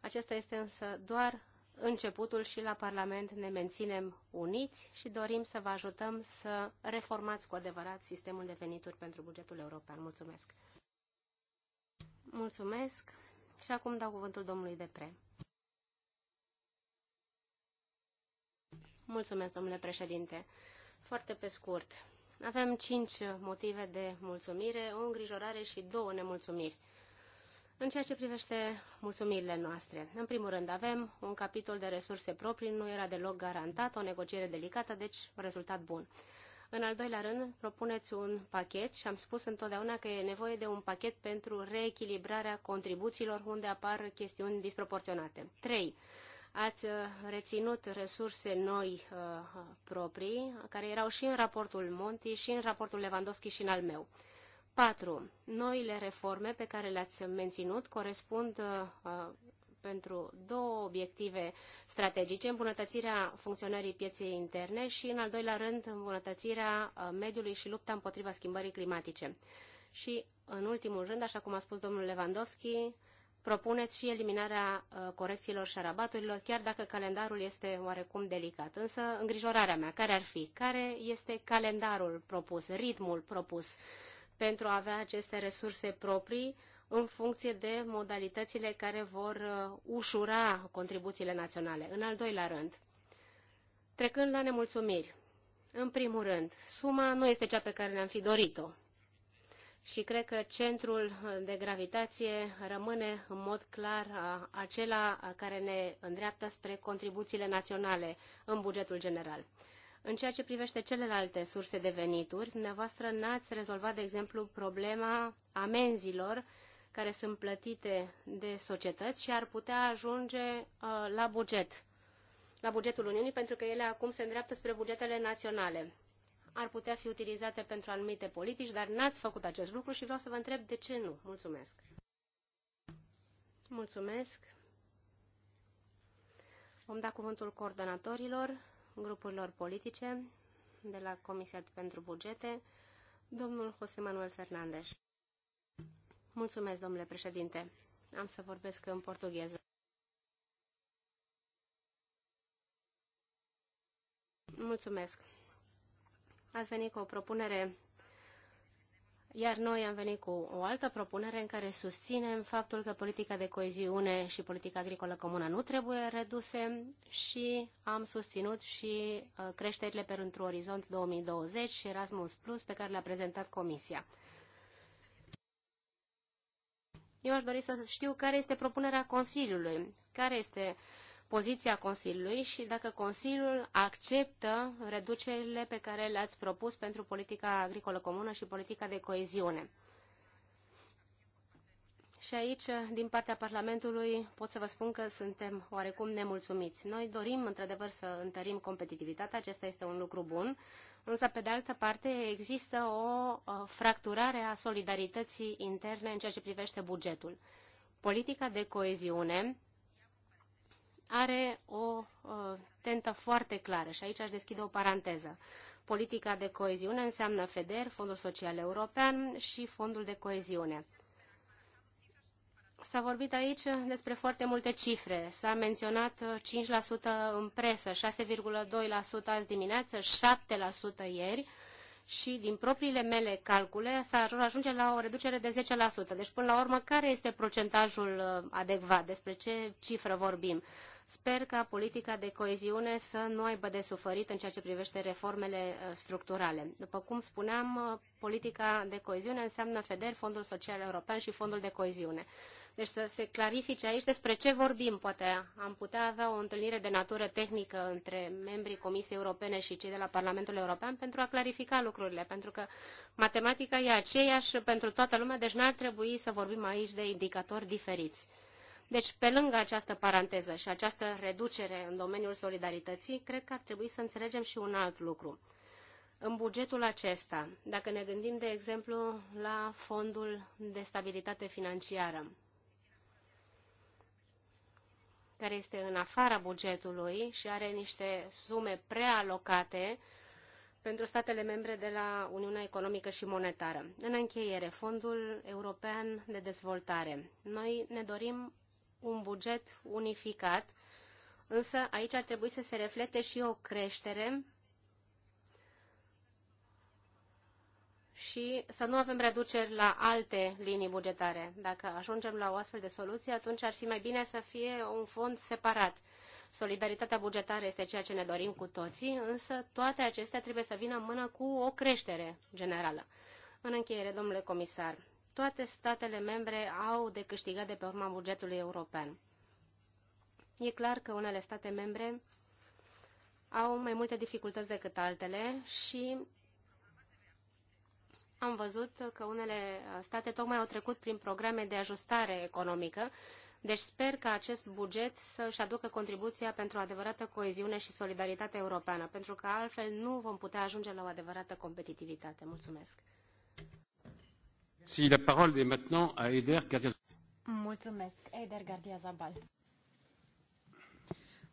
[SPEAKER 3] Acesta este însă doar începutul și la Parlament ne menținem uniți și dorim să vă ajutăm să reformați cu adevărat sistemul de venituri pentru bugetul european. Mulțumesc! Mulțumesc și acum dau cuvântul domnului Depre. Mulțumesc, domnule președinte. Foarte pe scurt, avem cinci motive de mulțumire, o îngrijorare și două nemulțumiri. În ceea ce privește mulțumirile noastre, în primul rând avem un capitol de resurse proprii, nu era deloc garantat, o negociere delicată, deci un rezultat bun. În al doilea rând, propuneți un pachet și am spus întotdeauna că e nevoie de un pachet pentru reechilibrarea contribuțiilor unde apar chestiuni disproporționate. 3 ați uh, reținut resurse noi uh, proprii, care erau și în raportul Monti, și în raportul Lewandowski și în al meu. 4. Noile reforme pe care le-ați menținut corespund uh, pentru două obiective strategice, îmbunătățirea funcționării pieței interne și, în al doilea rând, îmbunătățirea mediului și lupta împotriva schimbării climatice. Și, în ultimul rând, așa cum a spus domnul Lewandowski, propuneți și eliminarea uh, corecțiilor și rabaturilor, chiar dacă calendarul este oarecum delicat. Însă, îngrijorarea mea, care ar fi? Care este calendarul propus, ritmul propus pentru a avea aceste resurse proprii în funcție de modalitățile care vor uh, ușura contribuțiile naționale? În al doilea rând, trecând la nemulțumiri, în primul rând, suma nu este cea pe care ne-am fi dorit-o și cred că centrul de gravitație rămâne în mod clar acela care ne îndreaptă spre contribuțiile naționale în bugetul general. În ceea ce privește celelalte surse de venituri, dumneavoastră n-ați rezolvat, de exemplu, problema amenzilor care sunt plătite de societăți și ar putea ajunge uh, la buget, la bugetul Uniunii, pentru că ele acum se îndreaptă spre bugetele naționale ar putea fi utilizate pentru anumite politici, dar n-ați făcut acest lucru și vreau să vă întreb de ce nu. Mulțumesc. Mulțumesc. Vom da cuvântul coordonatorilor, grupurilor politice, de la Comisia pentru Bugete, domnul José Manuel Fernandez. Mulțumesc, domnule președinte. Am să vorbesc în portugheză. Mulțumesc. Ați venit cu o propunere, iar noi am venit cu o altă propunere în care susținem faptul că politica de coeziune și politica agricolă comună nu trebuie reduse și am susținut și uh, creșterile pentru Orizont 2020 și Erasmus Plus pe care le-a prezentat Comisia. Eu aș dori să știu care este propunerea Consiliului, care este uh, poziția Consiliului și dacă Consiliul acceptă reducerile pe care le-ați propus pentru politica agricolă comună și politica de coeziune. Și aici, din partea Parlamentului, pot să vă spun că suntem oarecum nemulțumiți. Noi dorim, într-adevăr, să întărim competitivitatea, acesta este un lucru bun, însă, pe de altă parte, există o uh, fracturare a solidarității interne în ceea ce privește bugetul. Politica de coeziune are o uh, tentă foarte clară și aici aș deschide o paranteză. Politica de coeziune înseamnă FEDER, Fondul Social European și Fondul de Coeziune. S-a vorbit aici despre foarte multe cifre. S-a menționat 5% uh, în presă, 6,2% azi dimineață, 7% ieri și din propriile mele calcule s-a ajunge la o reducere de 10%. Deci, până la urmă, care este procentajul uh, adecvat? Despre ce cifră vorbim? Sper ca politica de coeziune să nu aibă de suferit în ceea ce privește reformele uh, structurale. După cum spuneam, uh, politica de coeziune înseamnă FEDER, Fondul Social European și Fondul de Coeziune. Deci să se clarifice aici despre ce vorbim. Poate am putea avea o întâlnire de natură tehnică între membrii Comisiei Europene și cei de la Parlamentul European pentru a clarifica lucrurile, pentru că matematica e aceeași pentru toată lumea, deci n-ar trebui să vorbim aici de indicatori diferiți. Deci, pe lângă această paranteză și această reducere în domeniul solidarității, cred că ar trebui să înțelegem și un alt lucru. În bugetul acesta, dacă ne gândim, de exemplu, la fondul de stabilitate financiară, care este în afara bugetului și are niște sume prealocate pentru statele membre de la Uniunea Economică și Monetară. În încheiere, Fondul European de Dezvoltare. Noi ne dorim un buget unificat, însă aici ar trebui să se reflecte și o creștere și să nu avem reduceri la alte linii bugetare. Dacă ajungem la o astfel de soluție, atunci ar fi mai bine să fie un fond separat. Solidaritatea bugetară este ceea ce ne dorim cu toții, însă toate acestea trebuie să vină în mână cu o creștere generală. În încheiere, domnule comisar, toate statele membre au de câștigat de pe urma bugetului european. E clar că unele state membre au mai multe dificultăți decât altele și am văzut că unele state tocmai au trecut prin programe de ajustare economică, deci sper că acest buget să-și aducă contribuția pentru o adevărată coeziune și solidaritate europeană, pentru că altfel nu vom putea ajunge la o adevărată competitivitate. Mulțumesc!
[SPEAKER 2] Si la parole est maintenant à Eder Gardia. Mulțumesc, Eder Gardia Zabal.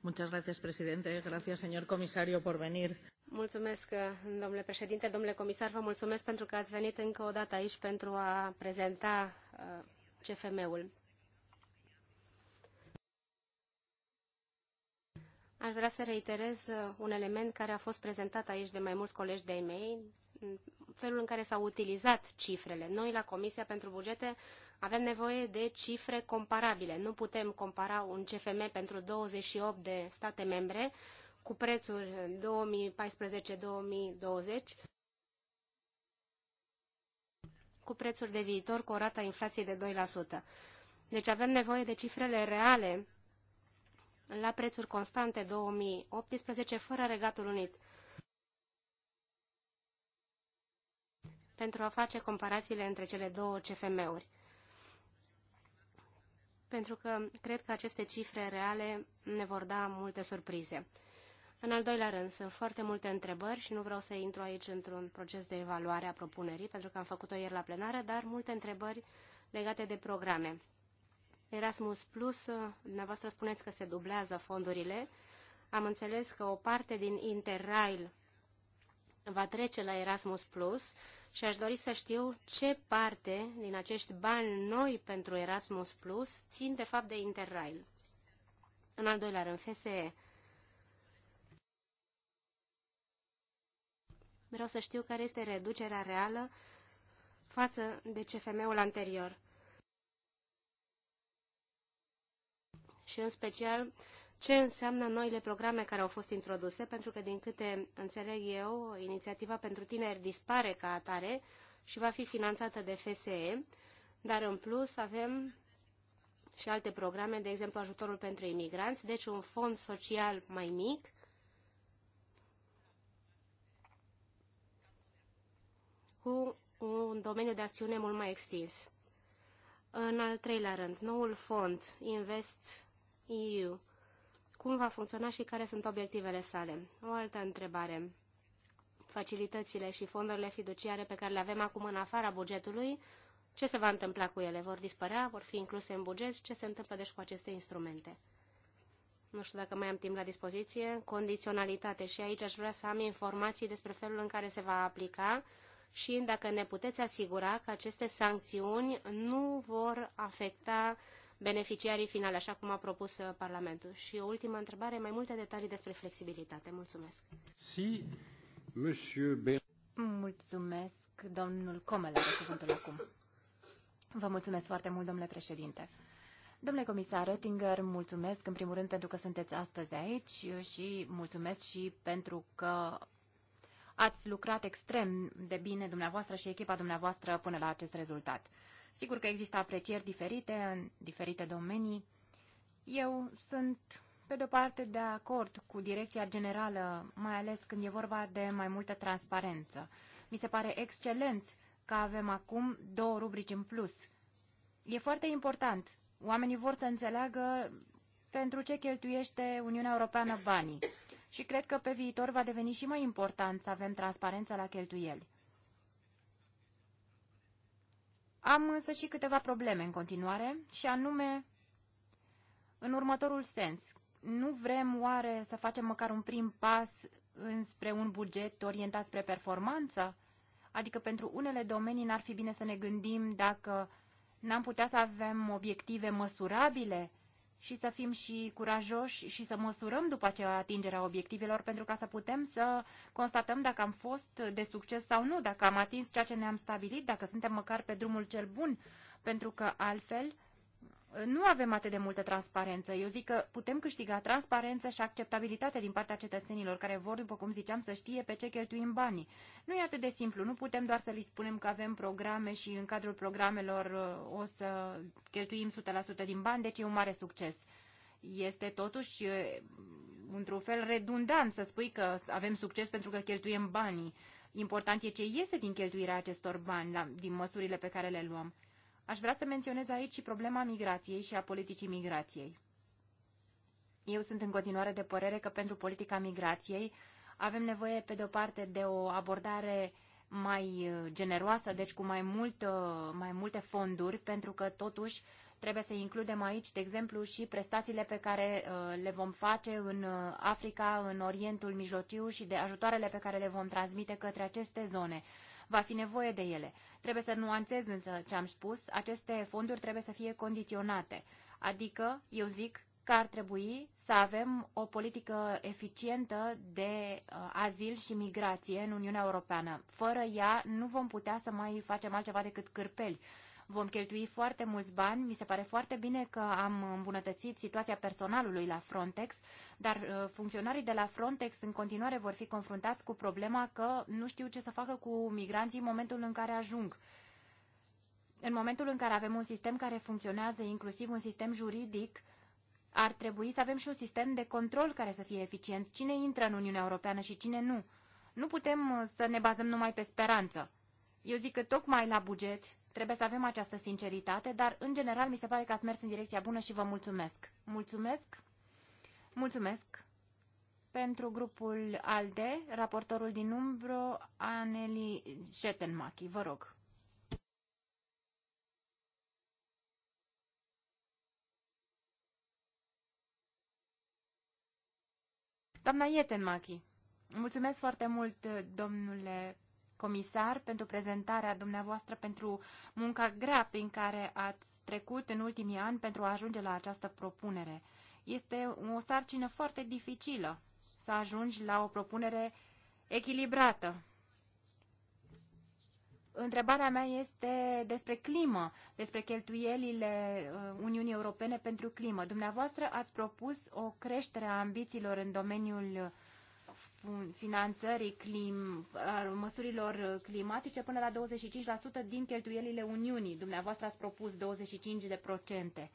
[SPEAKER 3] Muchas gracias, presidente. Gracias, señor comisario, por venir. Mulțumesc, domnule președinte, domnule comisar, vă mulțumesc pentru că ați venit încă o dată aici pentru a prezenta uh, CFM-ul. Aș vrea să reiterez uh, un element care a fost prezentat aici de mai mulți colegi de-ai mei, felul în care s-au utilizat cifrele. Noi, la Comisia pentru Bugete, avem nevoie de cifre comparabile. Nu putem compara un CFM pentru 28 de state membre cu prețuri 2014-2020 cu prețuri de viitor cu o rată a inflației de 2%. Deci avem nevoie de cifrele reale la prețuri constante 2018 fără Regatul Unit. pentru a face comparațiile între cele două CFM-uri. Pentru că cred că aceste cifre reale ne vor da multe surprize. În al doilea rând, sunt foarte multe întrebări și nu vreau să intru aici într-un proces de evaluare a propunerii, pentru că am făcut-o ieri la plenară, dar multe întrebări legate de programe. Erasmus Plus, dumneavoastră spuneți că se dublează fondurile. Am înțeles că o parte din Interrail va trece la Erasmus Plus și aș dori să știu ce parte din acești bani noi pentru Erasmus Plus țin de fapt de Interrail. În al doilea rând, FSE. Vreau să știu care este reducerea reală față de CFM-ul anterior. Și în special ce înseamnă noile programe care au fost introduse, pentru că, din câte înțeleg eu, inițiativa pentru tineri dispare ca atare și va fi finanțată de FSE, dar în plus avem și alte programe, de exemplu ajutorul pentru imigranți, deci un fond social mai mic, cu un domeniu de acțiune mult mai extins. În al treilea rând, noul fond Invest EU cum va funcționa și care sunt obiectivele sale. O altă întrebare. Facilitățile și fondurile fiduciare pe care le avem acum în afara bugetului, ce se va întâmpla cu ele? Vor dispărea? Vor fi incluse în buget? Ce se întâmplă deci cu aceste instrumente? Nu știu dacă mai am timp la dispoziție. Condiționalitate. Și aici aș vrea să am informații despre felul în care se va aplica și dacă ne puteți asigura că aceste sancțiuni nu vor afecta uh, beneficiarii finali, așa cum a propus uh, Parlamentul. Și o ultimă întrebare, mai multe detalii despre flexibilitate. Mulțumesc.
[SPEAKER 2] Si, monsieur Ber... Mulțumesc, domnul Comel de cuvântul acum. Vă mulțumesc foarte mult, domnule președinte. Domnule comisar Oettinger, mulțumesc în primul rând pentru că sunteți astăzi aici și mulțumesc și pentru că ați lucrat extrem de bine dumneavoastră și echipa dumneavoastră până la acest rezultat. Sigur că există aprecieri diferite în diferite domenii. Eu sunt, pe de-o parte, de acord cu direcția generală, mai ales când e vorba de mai multă transparență. Mi se pare excelent că avem acum două rubrici în plus. E foarte important. Oamenii vor să înțeleagă pentru ce cheltuiește Uniunea Europeană banii. Și cred că pe viitor va deveni și mai important să avem transparență la cheltuieli. Am însă și câteva probleme în continuare și anume în următorul sens. Nu vrem oare să facem măcar un prim pas înspre un buget orientat spre performanță? Adică pentru unele domenii n-ar fi bine să ne gândim dacă n-am putea să avem obiective măsurabile și să fim și curajoși și să măsurăm după aceea atingerea obiectivelor pentru ca să putem să constatăm dacă am fost de succes sau nu, dacă am atins ceea ce ne-am stabilit, dacă suntem măcar pe drumul cel bun, pentru că altfel nu avem atât de multă transparență. Eu zic că putem câștiga transparență și acceptabilitate din partea cetățenilor care vor, după cum ziceam, să știe pe ce cheltuim banii. Nu e atât de simplu. Nu putem doar să li spunem că avem programe și în cadrul programelor uh, o să cheltuim 100% din bani, deci e un mare succes. Este totuși, uh, într-un fel, redundant să spui că avem succes pentru că cheltuim banii. Important e ce iese din cheltuirea acestor bani, la, din măsurile pe care le luăm. Aș vrea să menționez aici și problema migrației și a politicii migrației. Eu sunt în continuare de părere că pentru politica migrației avem nevoie, pe de-o parte, de o abordare mai uh, generoasă, deci cu mai, mult, uh, mai multe fonduri, pentru că, totuși, trebuie să includem aici, de exemplu, și prestațiile pe care uh, le vom face în Africa, în Orientul Mijlociu și de ajutoarele pe care le vom transmite către aceste zone va fi nevoie de ele. Trebuie să nuanțez însă ce am spus, aceste fonduri trebuie să fie condiționate. Adică, eu zic că ar trebui să avem o politică eficientă de uh, azil și migrație în Uniunea Europeană. Fără ea nu vom putea să mai facem altceva decât cârpeli. Vom cheltui foarte mulți bani. Mi se pare foarte bine că am îmbunătățit situația personalului la Frontex, dar uh, funcționarii de la Frontex în continuare vor fi confruntați cu problema că nu știu ce să facă cu migranții în momentul în care ajung. În momentul în care avem un sistem care funcționează, inclusiv un sistem juridic, ar trebui să avem și un sistem de control care să fie eficient. Cine intră în Uniunea Europeană și cine nu? Nu putem uh, să ne bazăm numai pe speranță. Eu zic că tocmai la buget Trebuie să avem această sinceritate, dar în general mi se pare că ați mers în direcția bună și vă mulțumesc. Mulțumesc. Mulțumesc. Pentru grupul ALDE, raportorul din Umbro, Aneli Șetenmachi. Vă rog. Doamna Ietenmachi, mulțumesc foarte mult, domnule comisar, pentru prezentarea dumneavoastră, pentru munca grea prin care ați trecut în ultimii ani pentru a ajunge la această propunere. Este o sarcină foarte dificilă să ajungi la o propunere echilibrată. Întrebarea mea este despre climă, despre cheltuielile uh, Uniunii Europene pentru climă. Dumneavoastră ați propus o creștere a ambițiilor în domeniul finanțării clim, măsurilor climatice până la 25% din cheltuielile Uniunii. Dumneavoastră ați propus 25%. de procente.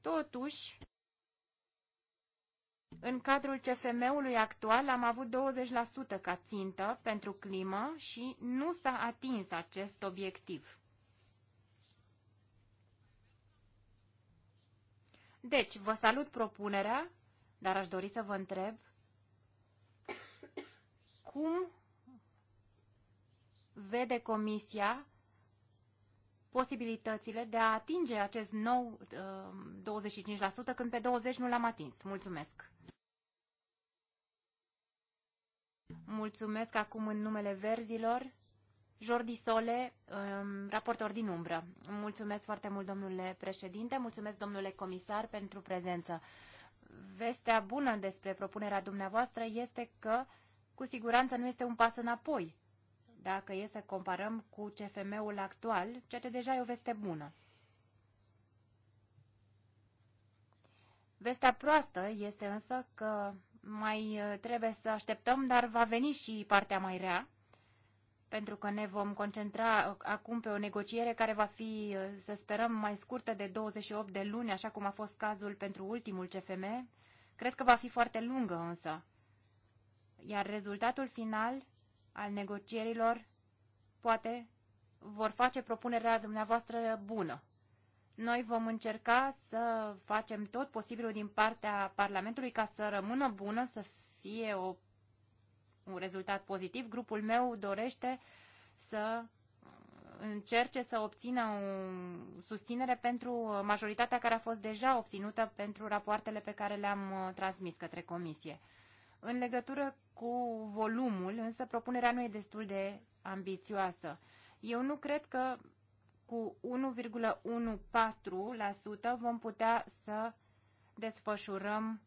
[SPEAKER 2] Totuși, în cadrul CFM-ului actual am avut 20% ca țintă pentru climă și nu s-a atins acest obiectiv. Deci, vă salut propunerea, dar aș dori să vă întreb cum vede Comisia posibilitățile de a atinge acest nou uh, 25% când pe 20% nu l-am atins. Mulțumesc! Mulțumesc acum în numele verzilor. Jordi Sole, um, raportor din umbră. Mulțumesc foarte mult, domnule președinte, mulțumesc, domnule comisar, pentru prezență. Vestea bună despre propunerea dumneavoastră este că cu siguranță nu este un pas înapoi, dacă e să comparăm cu CFM-ul actual, ceea ce deja e o veste bună. Vestea proastă este însă că mai uh, trebuie să așteptăm, dar va veni și partea mai rea, pentru că ne vom concentra uh, acum pe o negociere care va fi, uh, să sperăm, mai scurtă de 28 de luni, așa cum a fost cazul pentru ultimul CFM. Cred că va fi foarte lungă însă iar rezultatul final al negocierilor poate vor face propunerea dumneavoastră bună. Noi vom încerca să facem tot posibilul din partea Parlamentului ca să rămână bună, să fie o, un rezultat pozitiv. Grupul meu dorește să încerce să obțină o susținere pentru majoritatea care a fost deja obținută pentru rapoartele pe care le-am uh, transmis către comisie. În legătură cu volumul, însă propunerea nu e destul de ambițioasă. Eu nu cred că cu 1,14% vom putea să desfășurăm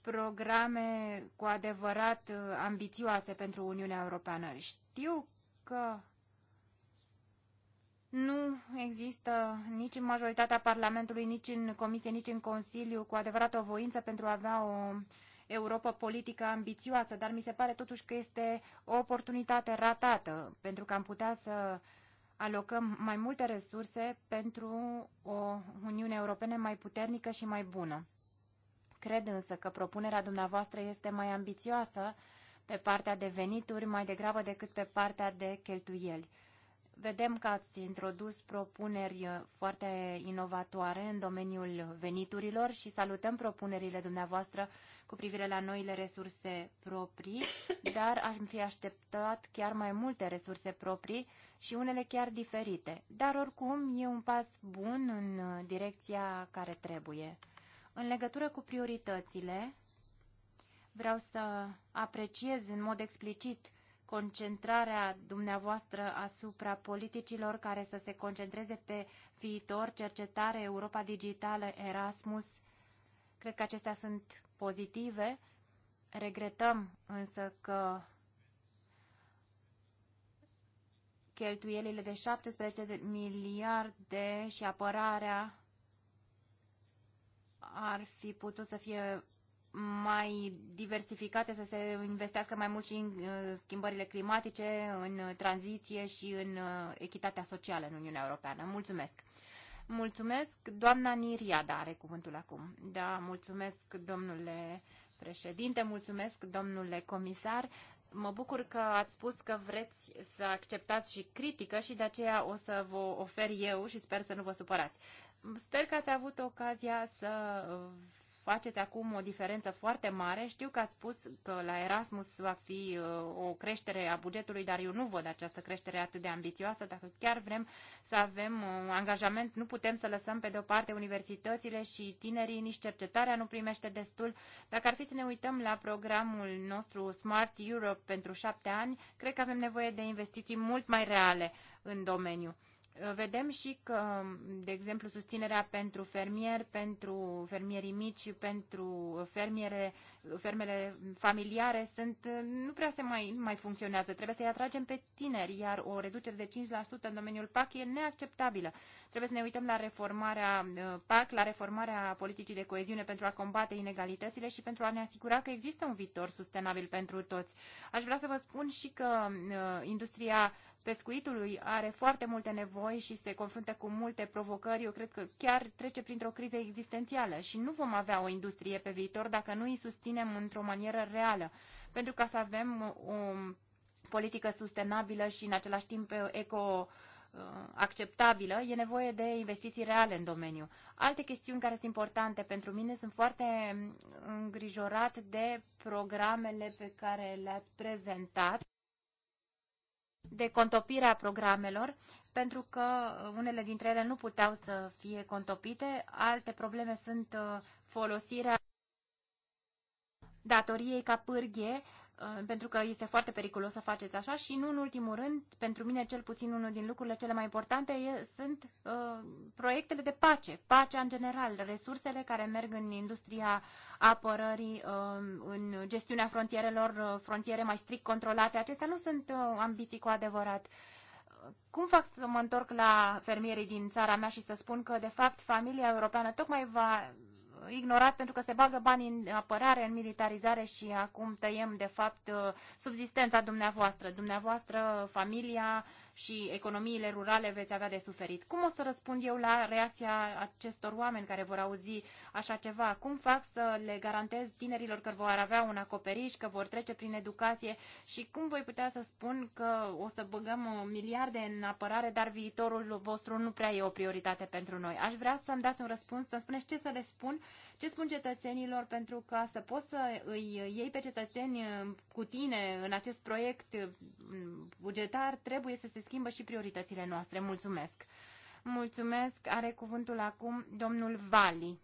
[SPEAKER 2] programe cu adevărat uh, ambițioase pentru Uniunea Europeană. Știu că nu există nici în majoritatea Parlamentului, nici în Comisie, nici în Consiliu cu adevărat o voință pentru a avea o Europa politică ambițioasă, dar mi se pare totuși că este o oportunitate ratată, pentru că am putea să alocăm mai multe resurse pentru o Uniune Europene mai puternică și mai bună. Cred însă că propunerea dumneavoastră este mai ambițioasă pe partea de venituri mai degrabă decât pe partea de cheltuieli. Vedem că ați introdus propuneri foarte inovatoare în domeniul veniturilor și salutăm propunerile dumneavoastră cu privire la noile resurse proprii, dar am fi așteptat chiar mai multe resurse proprii și unele chiar diferite. Dar oricum e un pas bun în direcția care trebuie. În legătură cu prioritățile, vreau să apreciez în mod explicit concentrarea dumneavoastră asupra politicilor care să se concentreze pe viitor, cercetare, Europa Digitală, Erasmus. Cred că acestea sunt pozitive. Regretăm însă că cheltuielile de 17 de miliarde și apărarea ar fi putut să fie mai diversificate, să se investească mai mult și în uh, schimbările climatice, în uh, tranziție și în uh, echitatea socială în Uniunea Europeană. Mulțumesc! Mulțumesc! Doamna Niriada are cuvântul acum. Da, mulțumesc, domnule președinte, mulțumesc, domnule comisar. Mă bucur că ați spus că vreți să acceptați și critică și de aceea o să vă ofer eu și sper să nu vă supărați. Sper că ați avut ocazia să faceți acum o diferență foarte mare. Știu că ați spus că la Erasmus va fi uh, o creștere a bugetului, dar eu nu văd această creștere atât de ambițioasă. Dacă chiar vrem să avem un angajament, nu putem să lăsăm pe deoparte universitățile și tinerii, nici cercetarea nu primește destul. Dacă ar fi să ne uităm la programul nostru Smart Europe pentru șapte ani, cred că avem nevoie de investiții mult mai reale în domeniu. Vedem și că, de exemplu, susținerea pentru fermieri, pentru fermierii mici, pentru fermiere, fermele familiare sunt, nu prea se mai, nu mai funcționează. Trebuie să-i atragem pe tineri, iar o reducere de 5% în domeniul PAC e neacceptabilă. Trebuie să ne uităm la reformarea uh, PAC, la reformarea politicii de coeziune pentru a combate inegalitățile și pentru a ne asigura că există un viitor sustenabil pentru toți. Aș vrea să vă spun și că uh, industria pescuitului are foarte multe nevoi și se confruntă cu multe provocări, eu cred că chiar trece printr-o criză existențială și nu vom avea o industrie pe viitor dacă nu îi susținem într-o manieră reală. Pentru ca să avem uh, o politică sustenabilă și în același timp uh, eco uh, acceptabilă, e nevoie de investiții reale în domeniu. Alte chestiuni care sunt importante pentru mine sunt foarte mm, îngrijorat de programele pe care le-ați prezentat de contopire a programelor, pentru că unele dintre ele nu puteau să fie contopite. Alte probleme sunt uh, folosirea datoriei ca pârghie Uh, pentru că este foarte periculos să faceți așa și nu în ultimul rând, pentru mine cel puțin unul din lucrurile cele mai importante e, sunt uh, proiectele de pace, pacea în general, resursele care merg în industria apărării, uh, în gestiunea frontierelor, uh, frontiere mai strict controlate, acestea nu sunt uh, ambiții cu adevărat. Cum fac să mă întorc la fermierii din țara mea și să spun că, de fapt, familia europeană tocmai va ignorat pentru că se bagă bani în apărare, în militarizare și acum tăiem, de fapt, subsistența dumneavoastră, dumneavoastră, familia, și economiile rurale veți avea de suferit. Cum o să răspund eu la reacția acestor oameni care vor auzi așa ceva? Cum fac să le garantez tinerilor că vor avea un acoperiș, că vor trece prin educație și cum voi putea să spun că o să băgăm miliarde în apărare, dar viitorul vostru nu prea e o prioritate pentru noi? Aș vrea să-mi dați un răspuns, să-mi spuneți ce să le spun, ce spun cetățenilor pentru ca să poți să îi iei pe cetățeni cu tine în acest proiect bugetar, trebuie să se schimbă și prioritățile noastre. Mulțumesc! Mulțumesc! Are cuvântul acum domnul Vali.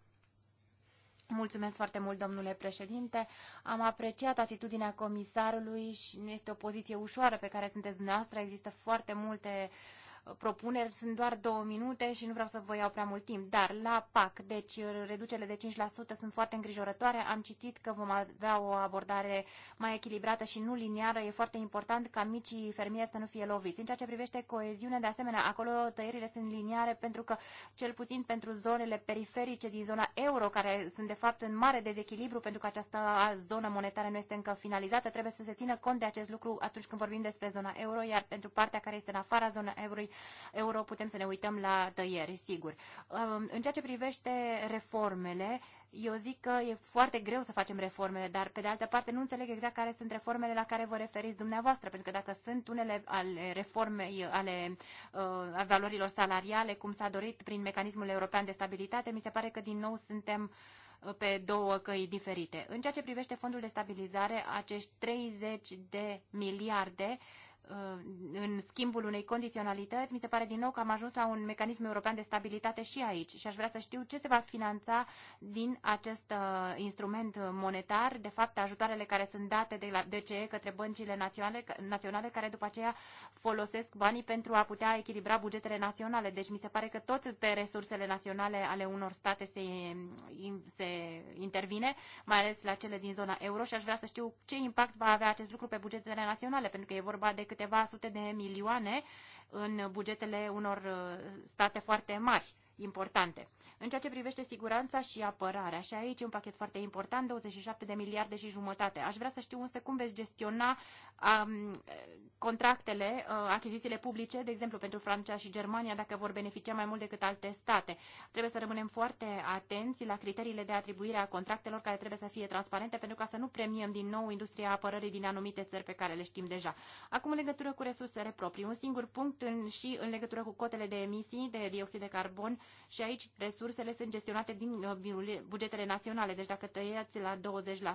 [SPEAKER 2] Mulțumesc foarte mult, domnule președinte. Am apreciat atitudinea comisarului și nu este o poziție ușoară pe care sunteți dumneavoastră. Există foarte multe uh, propuneri, sunt doar două minute și nu vreau să vă iau prea mult timp, dar la PAC, deci reducerile de 5% sunt foarte îngrijorătoare, am citit că vom avea o abordare mai echilibrată și nu liniară, e foarte important ca micii fermieri să nu fie loviți. În ceea ce privește coeziune, de asemenea, acolo tăierile sunt liniare pentru că, cel puțin pentru zonele periferice din zona euro, care sunt de fapt în mare dezechilibru pentru că această zonă monetară nu este încă finalizată, trebuie să se țină cont de acest lucru atunci când vorbim despre zona euro, iar pentru partea care este în afara zona euro euro putem să ne uităm la tăieri, sigur. Um, în ceea ce privește reformele, eu zic că e foarte greu să facem reformele, dar pe de altă parte nu înțeleg exact care sunt reformele la care vă referiți dumneavoastră, pentru că dacă sunt unele ale reformei, ale uh, valorilor salariale, cum s-a dorit prin mecanismul european de stabilitate, mi se pare că din nou suntem uh, pe două căi diferite. În ceea ce privește fondul de stabilizare, acești 30 de miliarde uh, Uh, în schimbul unei condiționalități, mi se pare din nou că am ajuns la un mecanism european de stabilitate și aici și aș vrea să știu ce se va finanța din acest uh, instrument monetar, de fapt ajutoarele care sunt date de la BCE către băncile naționale, naționale care după aceea folosesc banii pentru a putea echilibra bugetele naționale. Deci mi se pare că tot pe resursele naționale ale unor state se, se intervine, mai ales la cele din zona euro și aș vrea să știu ce impact va avea acest lucru pe bugetele naționale, pentru că e vorba de câteva sute de milioane în bugetele unor uh, state foarte mari importante. În ceea ce privește siguranța și apărarea, și aici un pachet foarte important, 27 de miliarde și jumătate. Aș vrea să știu însă cum veți gestiona um, contractele, uh, achizițiile publice, de exemplu pentru Franța și Germania, dacă vor beneficia mai mult decât alte state. Trebuie să rămânem foarte atenți la criteriile de atribuire a contractelor care trebuie să fie transparente pentru ca să nu premiem din nou industria apărării din anumite țări pe care le știm deja. Acum, în legătură cu resursele proprii, un singur punct în, și în legătură cu cotele de emisii de dioxid de carbon și aici resursele sunt gestionate din uh, bugetele naționale. Deci dacă tăiați la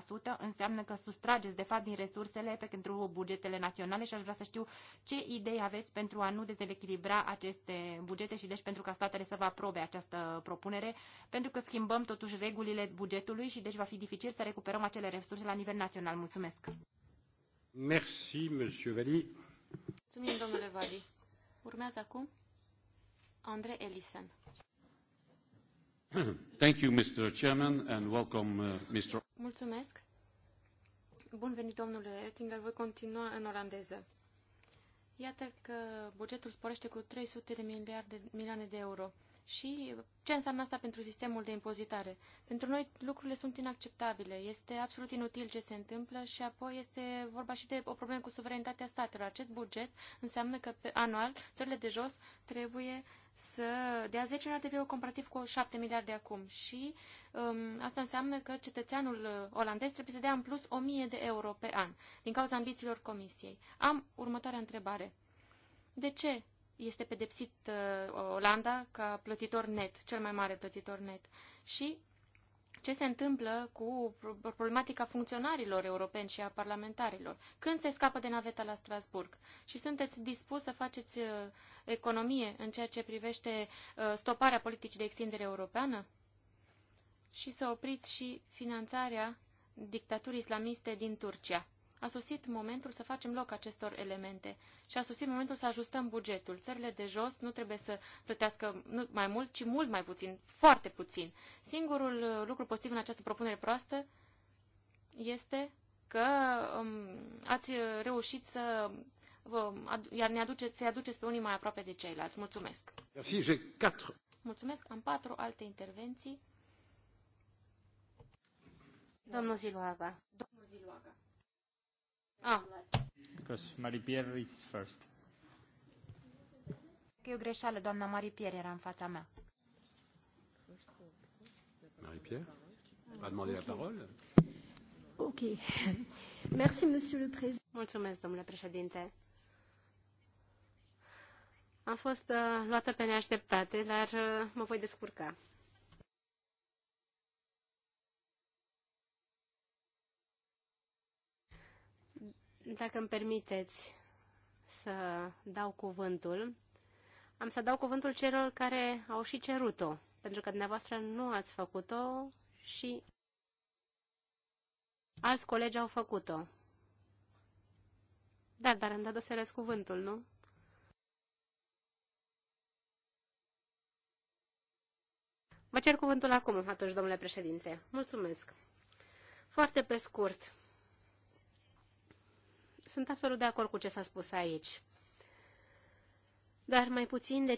[SPEAKER 2] 20%, înseamnă că sustrageți de fapt din resursele pe pentru bugetele naționale și aș vrea să știu ce idei aveți pentru a nu dezechilibra aceste bugete și deci pentru ca statele să vă aprobe această propunere, pentru că schimbăm totuși regulile bugetului și deci va fi dificil să recuperăm acele resurse la nivel național. Mulțumesc! Merci, monsieur Vali. Mulțumim, domnule Vali. Urmează acum Andre Ellison. Thank you, Mr. Chairman, and welcome,
[SPEAKER 1] uh, Mr. Mulțumesc. Bun venit, domnule Oettinger. Voi continua în olandeză. Iată că bugetul sporește cu 300 de miliarde, milioane de euro. Și ce înseamnă asta pentru sistemul de impozitare? Pentru noi lucrurile sunt inacceptabile, este absolut inutil ce se întâmplă și apoi este vorba și de o problemă cu suverenitatea statelor. Acest buget înseamnă că pe anual țările de jos trebuie să dea 10 miliarde de euro comparativ cu 7 miliarde acum și um, asta înseamnă că cetățeanul uh, olandez trebuie să dea în plus 1000 de euro pe an din cauza ambițiilor comisiei. Am următoarea întrebare. De ce este pedepsit uh, Olanda ca plătitor net, cel mai mare plătitor net. Și ce se întâmplă cu problematica funcționarilor europeni și a parlamentarilor, când se scapă de naveta la Strasburg și sunteți dispus să faceți uh, economie în ceea ce privește uh, stoparea politicii de extindere europeană și să opriți și finanțarea dictaturii islamiste din Turcia a sosit momentul să facem loc acestor elemente și a sosit momentul să ajustăm bugetul. Țările de jos nu trebuie să plătească mai mult, ci mult mai puțin, foarte puțin. Singurul uh, lucru pozitiv în această propunere proastă este că um, ați uh, reușit să um, iar ne aduce, să-i aduceți pe unii mai aproape de ceilalți. Mulțumesc! Mulțumesc! Am patru alte intervenții.
[SPEAKER 2] Domnul Ziluaga. Domnul
[SPEAKER 1] Ziluaga. Ah.
[SPEAKER 2] Marie-Pierre is first. Că e o greșeală, doamna Marie-Pierre era în fața mea. Marie-Pierre a demandé la parole. Ok. Merci, monsieur le président. Mulțumesc, domnule
[SPEAKER 3] președinte. Am fost uh, luată pe neașteptate, dar uh, mă voi descurca. Dacă îmi permiteți să dau cuvântul, am să dau cuvântul celor care au și cerut-o, pentru că dumneavoastră nu ați făcut-o și alți colegi au făcut-o. Da, dar am dat o să cuvântul, nu? Vă cer cuvântul acum, atunci, domnule președinte. Mulțumesc. Foarte pe scurt, sunt absolut de acord cu ce s-a spus aici. Dar mai puțin de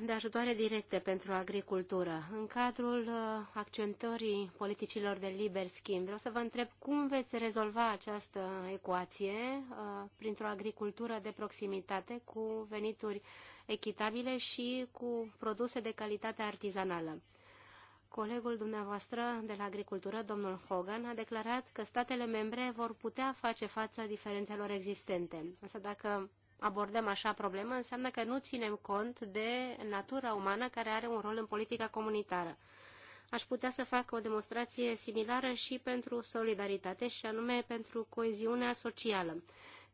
[SPEAKER 3] 5% de ajutoare directe pentru agricultură. În cadrul uh, accentării politicilor de liber schimb, vreau să vă întreb cum veți rezolva această ecuație uh, printr-o agricultură de proximitate cu venituri echitabile și cu produse de calitate artizanală. Colegul dumneavoastră de la agricultură, domnul Hogan, a declarat că statele membre vor putea face față diferențelor existente. Însă dacă abordăm așa problemă, înseamnă că nu ținem cont de natura umană care are un rol în politica comunitară. Aș putea să fac o demonstrație similară și pentru solidaritate și anume pentru coeziunea socială.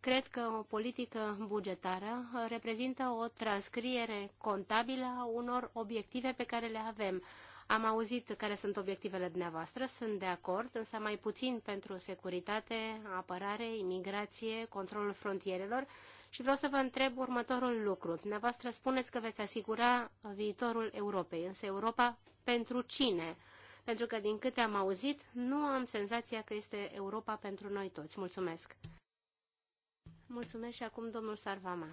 [SPEAKER 3] Cred că o politică bugetară reprezintă o transcriere contabilă a unor obiective pe care le avem am auzit care sunt obiectivele dumneavoastră, sunt de acord, însă mai puțin pentru securitate, apărare, imigrație, controlul frontierelor și vreau să vă întreb următorul lucru. Dumneavoastră spuneți că veți asigura viitorul Europei, însă Europa pentru cine? Pentru că, din câte am auzit, nu am senzația că este Europa pentru noi toți. Mulțumesc! Mulțumesc și acum domnul Sarvama.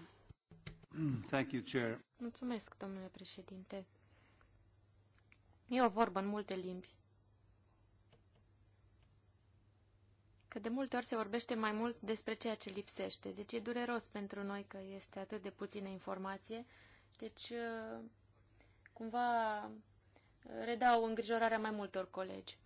[SPEAKER 1] Mm, thank you, Chair. Mulțumesc, domnule președinte. E o vorbă în multe limbi. Că de multe ori se vorbește mai mult despre ceea ce lipsește. Deci e dureros pentru noi că este atât de puțină informație. Deci, uh, cumva, uh, redau îngrijorarea mai multor colegi.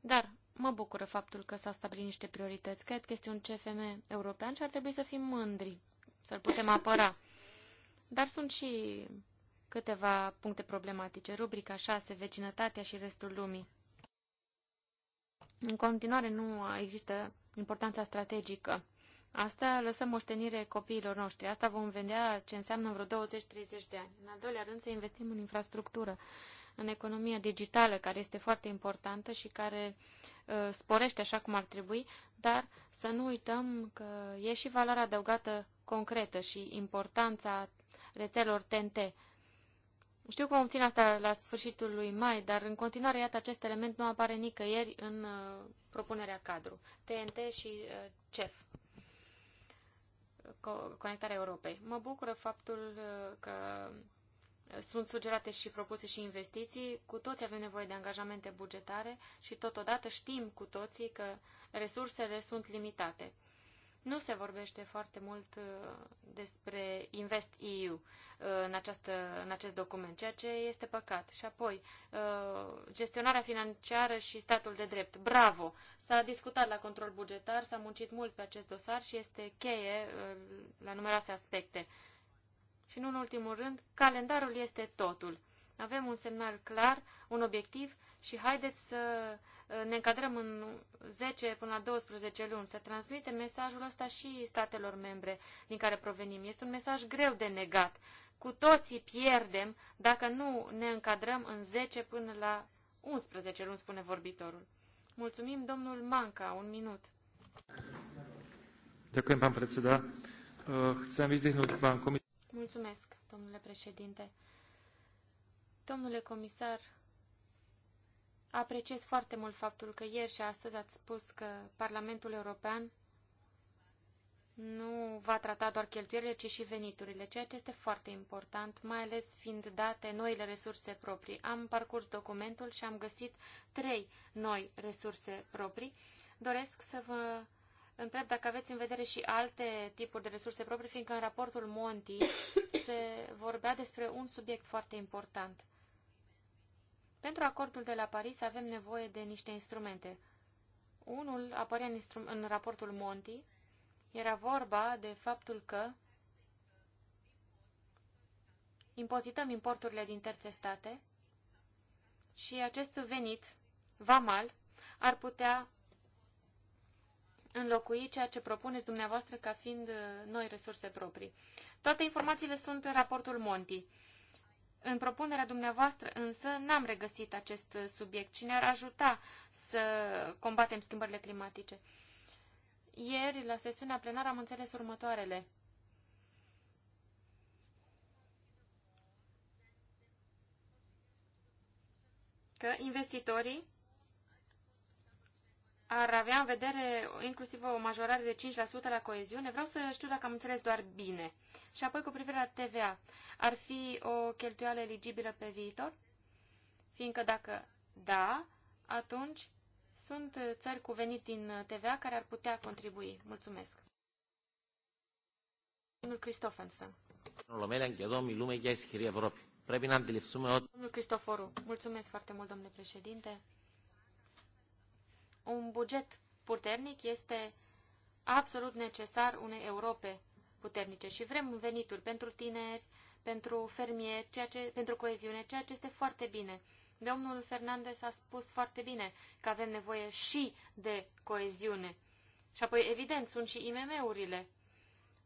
[SPEAKER 1] Dar mă bucură faptul că s a stabilit niște priorități. Cred că este un CFM european și ar trebui să fim mândri, să-l putem apăra. Dar sunt și câteva puncte problematice. Rubrica 6, vecinătatea și restul lumii. În continuare nu există importanța strategică. Asta lăsăm moștenire copiilor noștri. Asta vom vedea ce înseamnă în vreo 20-30 de ani. În al doilea rând să investim în infrastructură, în economia digitală, care este foarte importantă și care uh, sporește așa cum ar trebui, dar să nu uităm că e și valoarea adăugată concretă și importanța rețelor TNT. Știu că vom asta la sfârșitul lui mai, dar în continuare, iată, acest element nu apare nicăieri în uh, propunerea cadru. TNT și uh, CEF. Co Conectarea Europei. Mă bucură faptul uh, că uh, sunt sugerate și propuse și investiții. Cu toți avem nevoie de angajamente bugetare și totodată știm cu toții că resursele sunt limitate. Nu se vorbește foarte mult uh, despre Invest EU uh, în, această, în acest document, ceea ce este păcat. Și apoi, uh, gestionarea financiară și statul de drept. Bravo! S-a discutat la control bugetar, s-a muncit mult pe acest dosar și este cheie la numeroase aspecte. Și nu în ultimul rând, calendarul este totul. Avem un semnal clar, un obiectiv și haideți să Uh, ne încadrăm în 10 până la 12 luni, să transmite mesajul ăsta și statelor membre din care provenim. Este un mesaj greu de negat. Cu toții pierdem dacă nu ne încadrăm în 10 până la 11 luni, spune vorbitorul. Mulțumim, domnul Manca, un minut. Ďakujem, pán predseda. Uh, chcem Mulțumesc, domnule președinte. Domnule comisar, Apreciez foarte mult faptul că ieri și astăzi ați spus că Parlamentul European nu va trata doar cheltuielile, ci și veniturile, ceea ce este foarte important, mai ales fiind date noile resurse proprii. Am parcurs documentul și am găsit trei noi resurse proprii. Doresc să vă întreb dacă aveți în vedere și alte tipuri de resurse proprii, fiindcă în raportul Monti se vorbea despre un subiect foarte important. Pentru acordul de la Paris avem nevoie de niște instrumente. Unul apărea în, în raportul Monti, era vorba de faptul că impozităm importurile din terțe state și acest venit, vamal, ar putea înlocui ceea ce propuneți dumneavoastră ca fiind uh, noi resurse proprii. Toate informațiile sunt în raportul Monti. În propunerea dumneavoastră însă n-am regăsit acest subiect cine ar ajuta să combatem schimbările climatice. Ieri, la sesiunea plenară, am înțeles următoarele. Că investitorii ar avea în vedere inclusiv o majorare de 5% la coeziune. Vreau să știu dacă am înțeles doar bine. Și apoi cu privire la TVA, ar fi o cheltuială eligibilă pe viitor? Fiindcă dacă da, atunci sunt țări cu venit din TVA care ar putea contribui. Mulțumesc. Domnul Cristofanson. Domnul Cristoforu, mulțumesc foarte mult, domnule președinte. Un buget puternic este absolut necesar unei Europe puternice și vrem venituri pentru tineri, pentru fermieri, ceea ce, pentru coeziune, ceea ce este foarte bine. Domnul Fernandez a spus foarte bine că avem nevoie și de coeziune. Și apoi, evident, sunt și IMM-urile.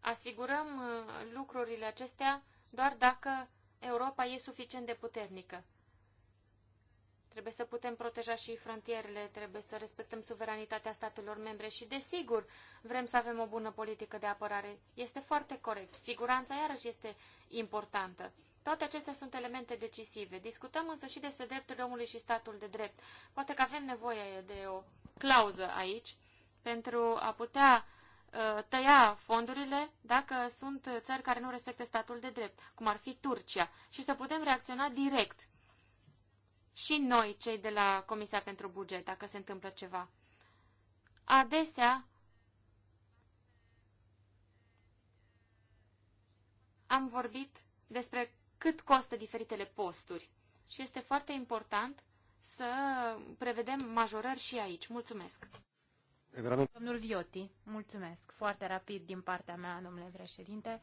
[SPEAKER 1] Asigurăm uh, lucrurile acestea doar dacă Europa e suficient de puternică. Trebuie să putem proteja și frontierele, trebuie să respectăm suveranitatea statelor membre și, desigur, vrem să avem o bună politică de apărare. Este foarte corect. Siguranța, iarăși, este importantă. Toate acestea sunt elemente decisive. Discutăm însă și despre drepturile omului și statul de drept. Poate că avem nevoie de o clauză aici pentru a putea uh, tăia fondurile dacă sunt țări care nu respectă statul de drept, cum ar fi Turcia, și să putem reacționa direct și noi, cei de la Comisia pentru Buget, dacă se întâmplă ceva. Adesea am vorbit despre cât costă diferitele posturi și este foarte important să prevedem majorări și aici.
[SPEAKER 2] Mulțumesc! Domnul Vioti, mulțumesc. Foarte rapid din partea mea, domnule președinte.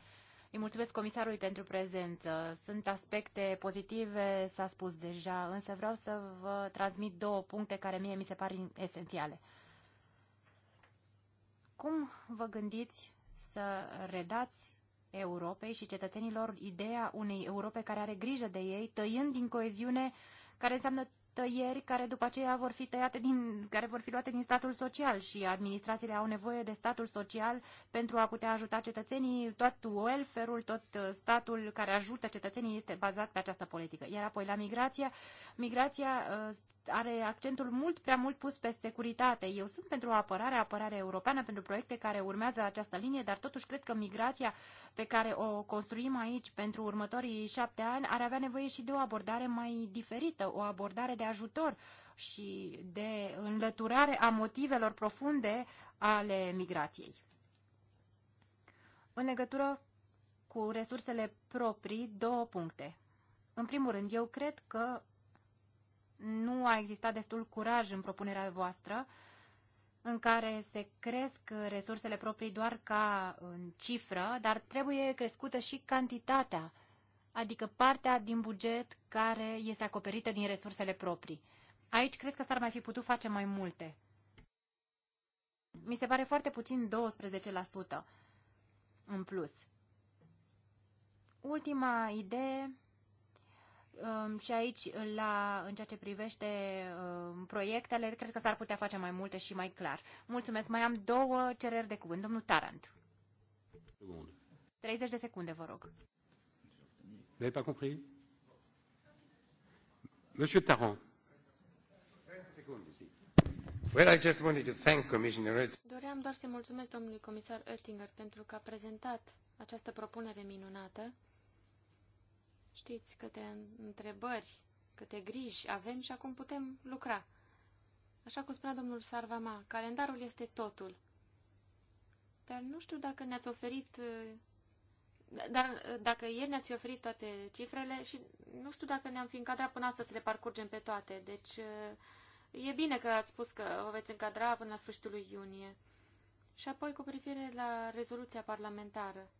[SPEAKER 2] Îi mulțumesc comisarului pentru prezență. Sunt aspecte pozitive, s-a spus deja, însă vreau să vă transmit două puncte care mie mi se par esențiale. Cum vă gândiți să redați Europei și cetățenilor ideea unei Europe care are grijă de ei, tăiând din coeziune care înseamnă tăieri care după aceea vor fi tăiate din, care vor fi luate din statul social și administrațiile au nevoie de statul social pentru a putea ajuta cetățenii, tot welfare-ul, tot uh, statul care ajută cetățenii este bazat pe această politică. Iar apoi la migrația, migrația uh, are accentul mult prea mult pus pe securitate. Eu sunt pentru o apărare, apărare europeană, pentru proiecte care urmează această linie, dar totuși cred că migrația pe care o construim aici pentru următorii șapte ani ar avea nevoie și de o abordare mai diferită, o abordare de ajutor și de înlăturare a motivelor profunde ale migrației. În legătură cu resursele proprii, două puncte. În primul rând, eu cred că nu a existat destul curaj în propunerea voastră, în care se cresc resursele proprii doar ca în cifră, dar trebuie crescută și cantitatea, adică partea din buget care este acoperită din resursele proprii. Aici cred că s-ar mai fi putut face mai multe. Mi se pare foarte puțin 12% în plus. Ultima idee Um, și aici, la, în ceea ce privește um, proiectele, cred că s-ar putea face mai multe și mai clar. Mulțumesc. Mai am două cereri de cuvânt. Domnul Tarant. 30 de secunde, vă rog. Nu ai pas compris? Monsieur Tarant.
[SPEAKER 3] Well, I just wanted to thank Commissioner
[SPEAKER 1] Doream doar să mulțumesc domnului comisar Oettinger pentru că a prezentat această propunere minunată Știți câte întrebări, câte griji avem și acum putem lucra. Așa cum spunea domnul Sarvama, calendarul este totul. Dar nu știu dacă ne-ați oferit... Eh, dar eh, dacă ieri ne-ați oferit toate cifrele și nu știu dacă ne-am fi încadrat până astăzi să le parcurgem pe toate. Deci eh, e bine că ați spus că vă veți încadra până la sfârșitul lui iunie. Și apoi cu privire la rezoluția parlamentară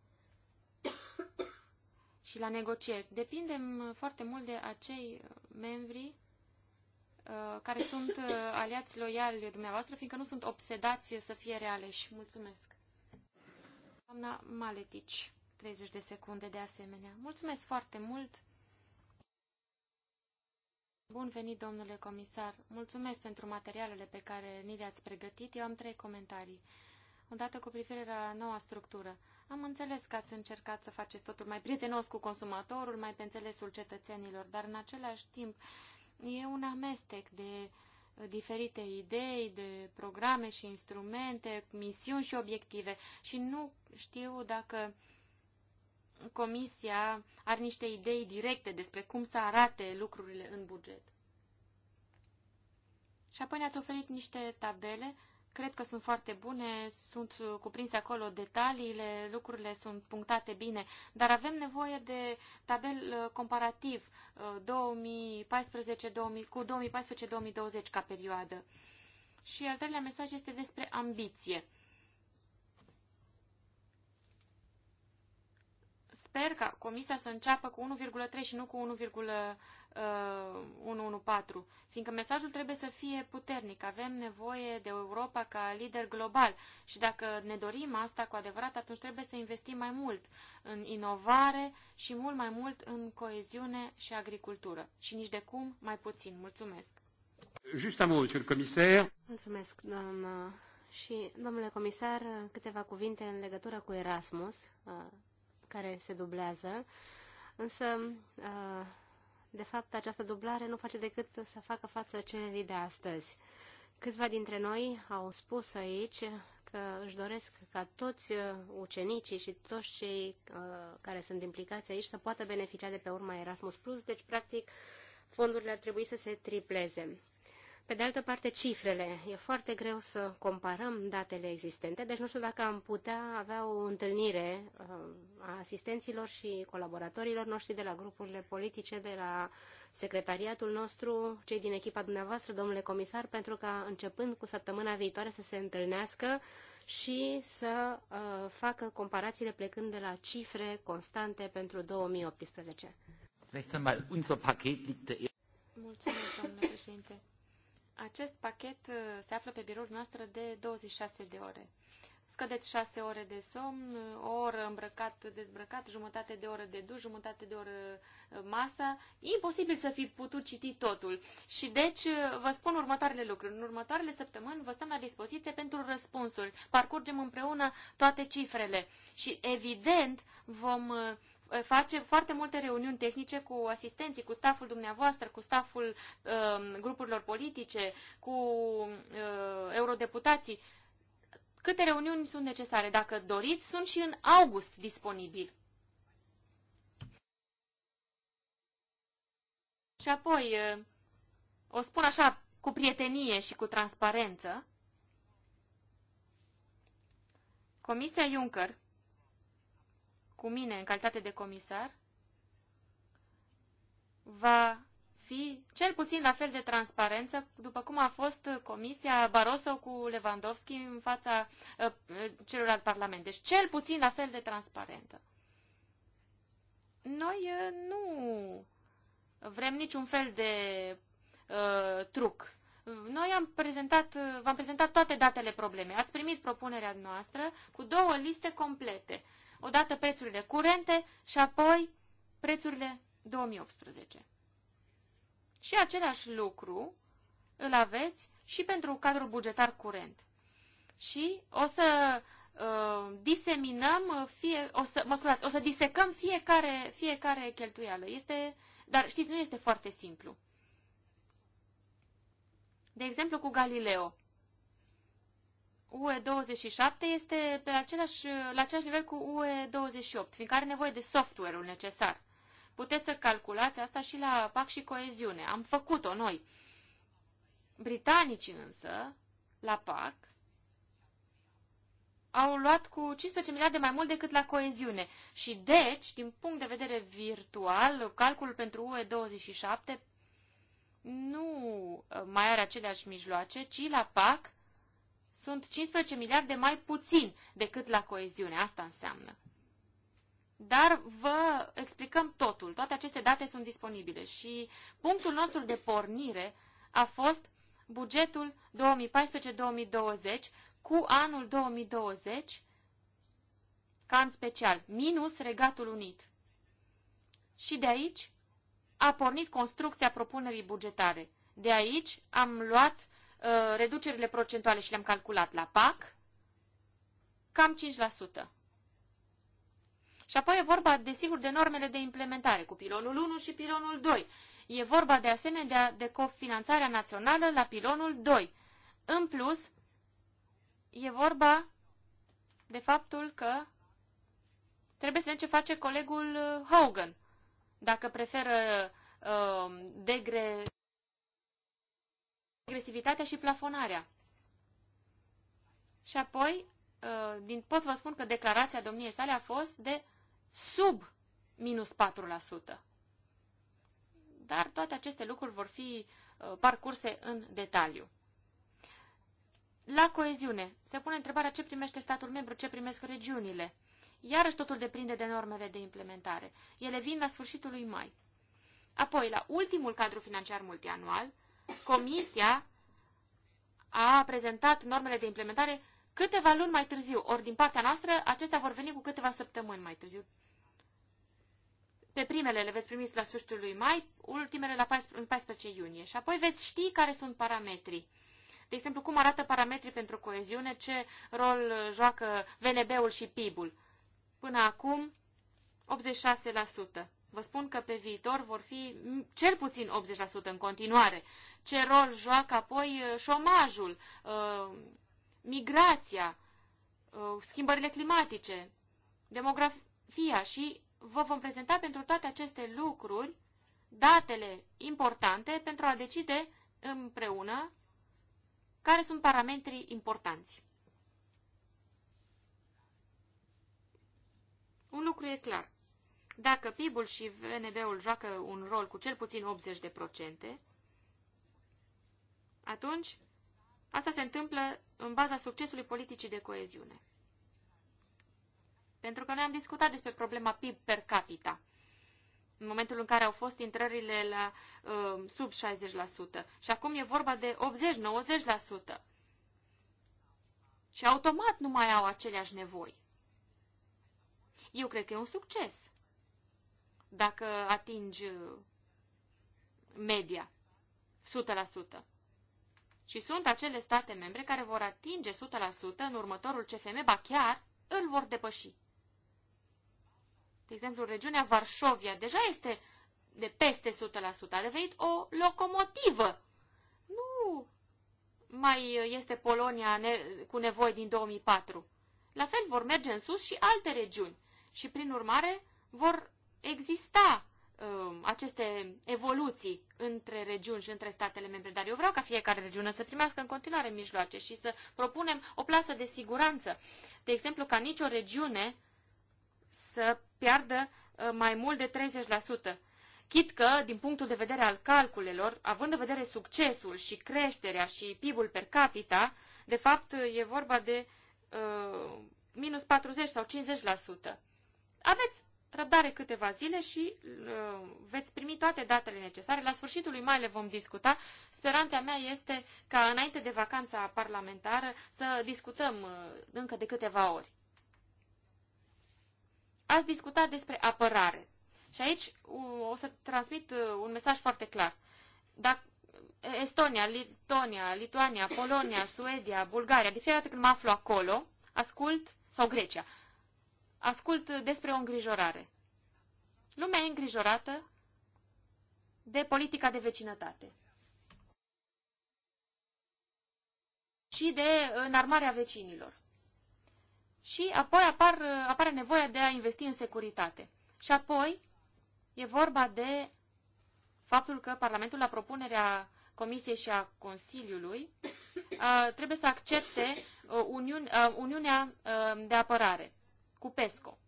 [SPEAKER 1] și la negocieri. Depindem uh, foarte mult de acei uh, membri uh, care sunt aliați loiali dumneavoastră, fiindcă nu sunt obsedați să fie realeși. Mulțumesc. Doamna Maletici, 30 de secunde de asemenea. Mulțumesc foarte mult. Bun venit, domnule comisar. Mulțumesc pentru materialele pe care ni le-ați pregătit. Eu am trei comentarii odată cu privire la noua structură. Am înțeles că ați încercat să faceți totul mai prietenos cu consumatorul, mai pe înțelesul cetățenilor, dar în același timp e un amestec de uh, diferite idei, de programe și instrumente, misiuni și obiective și nu știu dacă Comisia are niște idei directe despre cum să arate lucrurile în buget. Și apoi ne-ați oferit niște tabele Cred că sunt foarte bune, sunt cuprinse acolo detaliile, lucrurile sunt punctate bine, dar avem nevoie de tabel uh, comparativ 2014, uh, 2000, cu 2014-2020 ca perioadă. Și al treilea mesaj este despre ambiție. Sper ca Comisia să înceapă cu 1,3 și nu cu 1 uh, 114, fiindcă mesajul trebuie să fie puternic. Avem nevoie de Europa ca lider global și dacă ne dorim asta cu adevărat, atunci trebuie să investim mai mult în inovare și mult mai mult în coeziune și agricultură.
[SPEAKER 3] Și nici de cum mai puțin. Mulțumesc!
[SPEAKER 1] Just un mot, monsieur Comisar.
[SPEAKER 3] Mulțumesc, doamnă. Și, domnule comisar, câteva cuvinte în legătură cu Erasmus, uh, care se dublează. Însă, uh, de fapt, această dublare nu face decât să facă față cererii de astăzi. Câțiva dintre noi au spus aici că își doresc ca toți uh, ucenicii și toți cei uh, care sunt implicați aici să poată beneficia de pe urma Erasmus+, deci, practic, fondurile ar trebui să se tripleze. Pe de altă parte, cifrele. E foarte greu să comparăm datele existente, deci nu știu dacă am putea avea o întâlnire um, a asistenților și colaboratorilor noștri de la grupurile politice, de la secretariatul nostru, cei din echipa dumneavoastră, domnule comisar, pentru ca începând cu săptămâna viitoare să se întâlnească și să uh, facă comparațiile plecând de la cifre constante pentru 2018. Mulțumesc, domnule președinte. Acest pachet uh, se află pe
[SPEAKER 1] biroul noastră de 26 de ore. Scădeți 6 ore de somn, o oră îmbrăcat, dezbrăcat, jumătate de oră de duș, jumătate de oră uh, masă. E imposibil să fi putut citi totul. Și deci uh, vă spun următoarele lucruri. În următoarele săptămâni vă stăm la dispoziție pentru răspunsuri. Parcurgem împreună toate cifrele. Și evident vom Eh, face foarte multe reuniuni tehnice cu asistenții, cu staful dumneavoastră, cu staful uh, ehm, grupurilor politice, cu uh, eurodeputații. Câte reuniuni sunt necesare? Dacă doriți, sunt și în august disponibil. Și apoi, uh, o spun așa, cu prietenie și cu transparență, Comisia Juncker cu mine în calitate de comisar va fi cel puțin la fel de transparență, după cum a fost comisia Barroso cu Lewandowski în fața uh, celorlalt parlament. Deci cel puțin la fel de transparentă. Noi uh, nu vrem niciun fel de uh, truc. Noi am prezentat, uh, v-am prezentat toate datele probleme. Ați primit propunerea noastră cu două liste complete. Uh, odată prețurile curente și apoi prețurile 2018. Și același lucru îl aveți și pentru cadrul bugetar curent. Și o să uh, diseminăm, uh, fie, o, să, mă scuzați, o să disecăm fiecare, fiecare cheltuială. Este, dar știți, nu este foarte simplu. De exemplu, cu Galileo. UE27 este pe același, la același nivel cu UE28, fiindcă are nevoie de software-ul necesar. Puteți să calculați asta și la PAC și coeziune. Am făcut-o noi. Britanicii însă, la PAC, au luat cu 15 miliarde mai mult decât la coeziune. Și deci, din punct de vedere virtual, calculul pentru UE27 nu mai are aceleași mijloace, ci la PAC sunt 15 miliarde mai puțin decât la coeziune. Asta înseamnă. Dar vă explicăm totul. Toate aceste date sunt disponibile și punctul nostru de pornire a fost bugetul 2014-2020 cu anul 2020 ca în special, minus Regatul Unit. Și de aici a pornit construcția propunerii bugetare. De aici am luat Uh, reducerile procentuale și le-am calculat la PAC, cam 5%. Și apoi e vorba, desigur, de normele de implementare cu pilonul 1 și pilonul 2. E vorba, de asemenea, de cofinanțarea națională la pilonul 2. În plus, e vorba de faptul că trebuie să vedem ce face colegul uh, Hogan. Dacă preferă uh, degre agresivitatea și plafonarea. Și apoi, uh, din, pot vă spun că declarația domniei sale a fost de sub minus 4%. Dar toate aceste lucruri vor fi uh, parcurse în detaliu. La coeziune, se pune întrebarea ce primește statul membru, ce primesc regiunile. Iarăși totul depinde de normele de implementare. Ele vin la sfârșitul lui mai. Apoi, la ultimul cadru financiar multianual, Comisia a prezentat normele de implementare câteva luni mai târziu, ori din partea noastră acestea vor veni cu câteva săptămâni mai târziu. Pe primele le veți primi la sfârșitul lui mai, ultimele la 14 iunie și apoi veți ști care sunt parametrii. De exemplu, cum arată parametrii pentru coeziune, ce rol joacă VNB-ul și PIB-ul. Până acum, 86%. Vă spun că pe viitor vor fi cel puțin 80% în continuare. Ce rol joacă apoi uh, șomajul, uh, migrația, uh, schimbările climatice, demografia și vă vom prezenta pentru toate aceste lucruri datele importante pentru a decide împreună care sunt parametrii importanți. Un lucru e clar. Dacă PIB-ul și VNB-ul joacă un rol cu cel puțin 80%, atunci asta se întâmplă în baza succesului politicii de coeziune. Pentru că noi am discutat despre problema PIB per capita în momentul în care au fost intrările la uh, sub 60%. Și acum e vorba de 80-90%. Și automat nu mai au aceleași nevoi. Eu cred că e un succes dacă atingi uh, media, 100%. Și sunt acele state membre care vor atinge 100% în următorul CFM, ba chiar îl vor depăși. De exemplu, regiunea Varșovia deja este de peste 100%, a devenit o locomotivă. Nu mai este Polonia ne- cu nevoi din 2004. La fel vor merge în sus și alte regiuni și, prin urmare, vor exista um, aceste evoluții între regiuni și între statele membre, dar eu vreau ca fiecare regiune să primească în continuare mijloace și să propunem o plasă de siguranță. De exemplu, ca nicio regiune să piardă uh, mai mult de 30%. Chit că, din punctul de vedere al calculelor, având în vedere succesul și creșterea și PIB-ul per capita, de fapt e vorba de uh, minus 40 sau 50%. Aveți răbdare câteva zile și uh, veți primi toate datele necesare. La sfârșitul lui mai le vom discuta. Speranța mea este ca înainte de vacanța parlamentară să discutăm uh, încă de câteva ori. Ați discutat despre apărare. Și aici uh, o să transmit uh, un mesaj foarte clar. Dacă uh, Estonia, Litonia, Lituania, Polonia, Suedia, Bulgaria, de fiecare dată când mă aflu acolo, ascult, sau Grecia, ascult despre o îngrijorare. Lumea e îngrijorată de politica de vecinătate și de uh, înarmarea vecinilor. Și apoi apar, uh, apare nevoia de a investi în securitate. Și apoi e vorba de faptul că Parlamentul, la propunerea Comisiei și a Consiliului, uh, trebuie să accepte Uniunea de Apărare cu PESCO.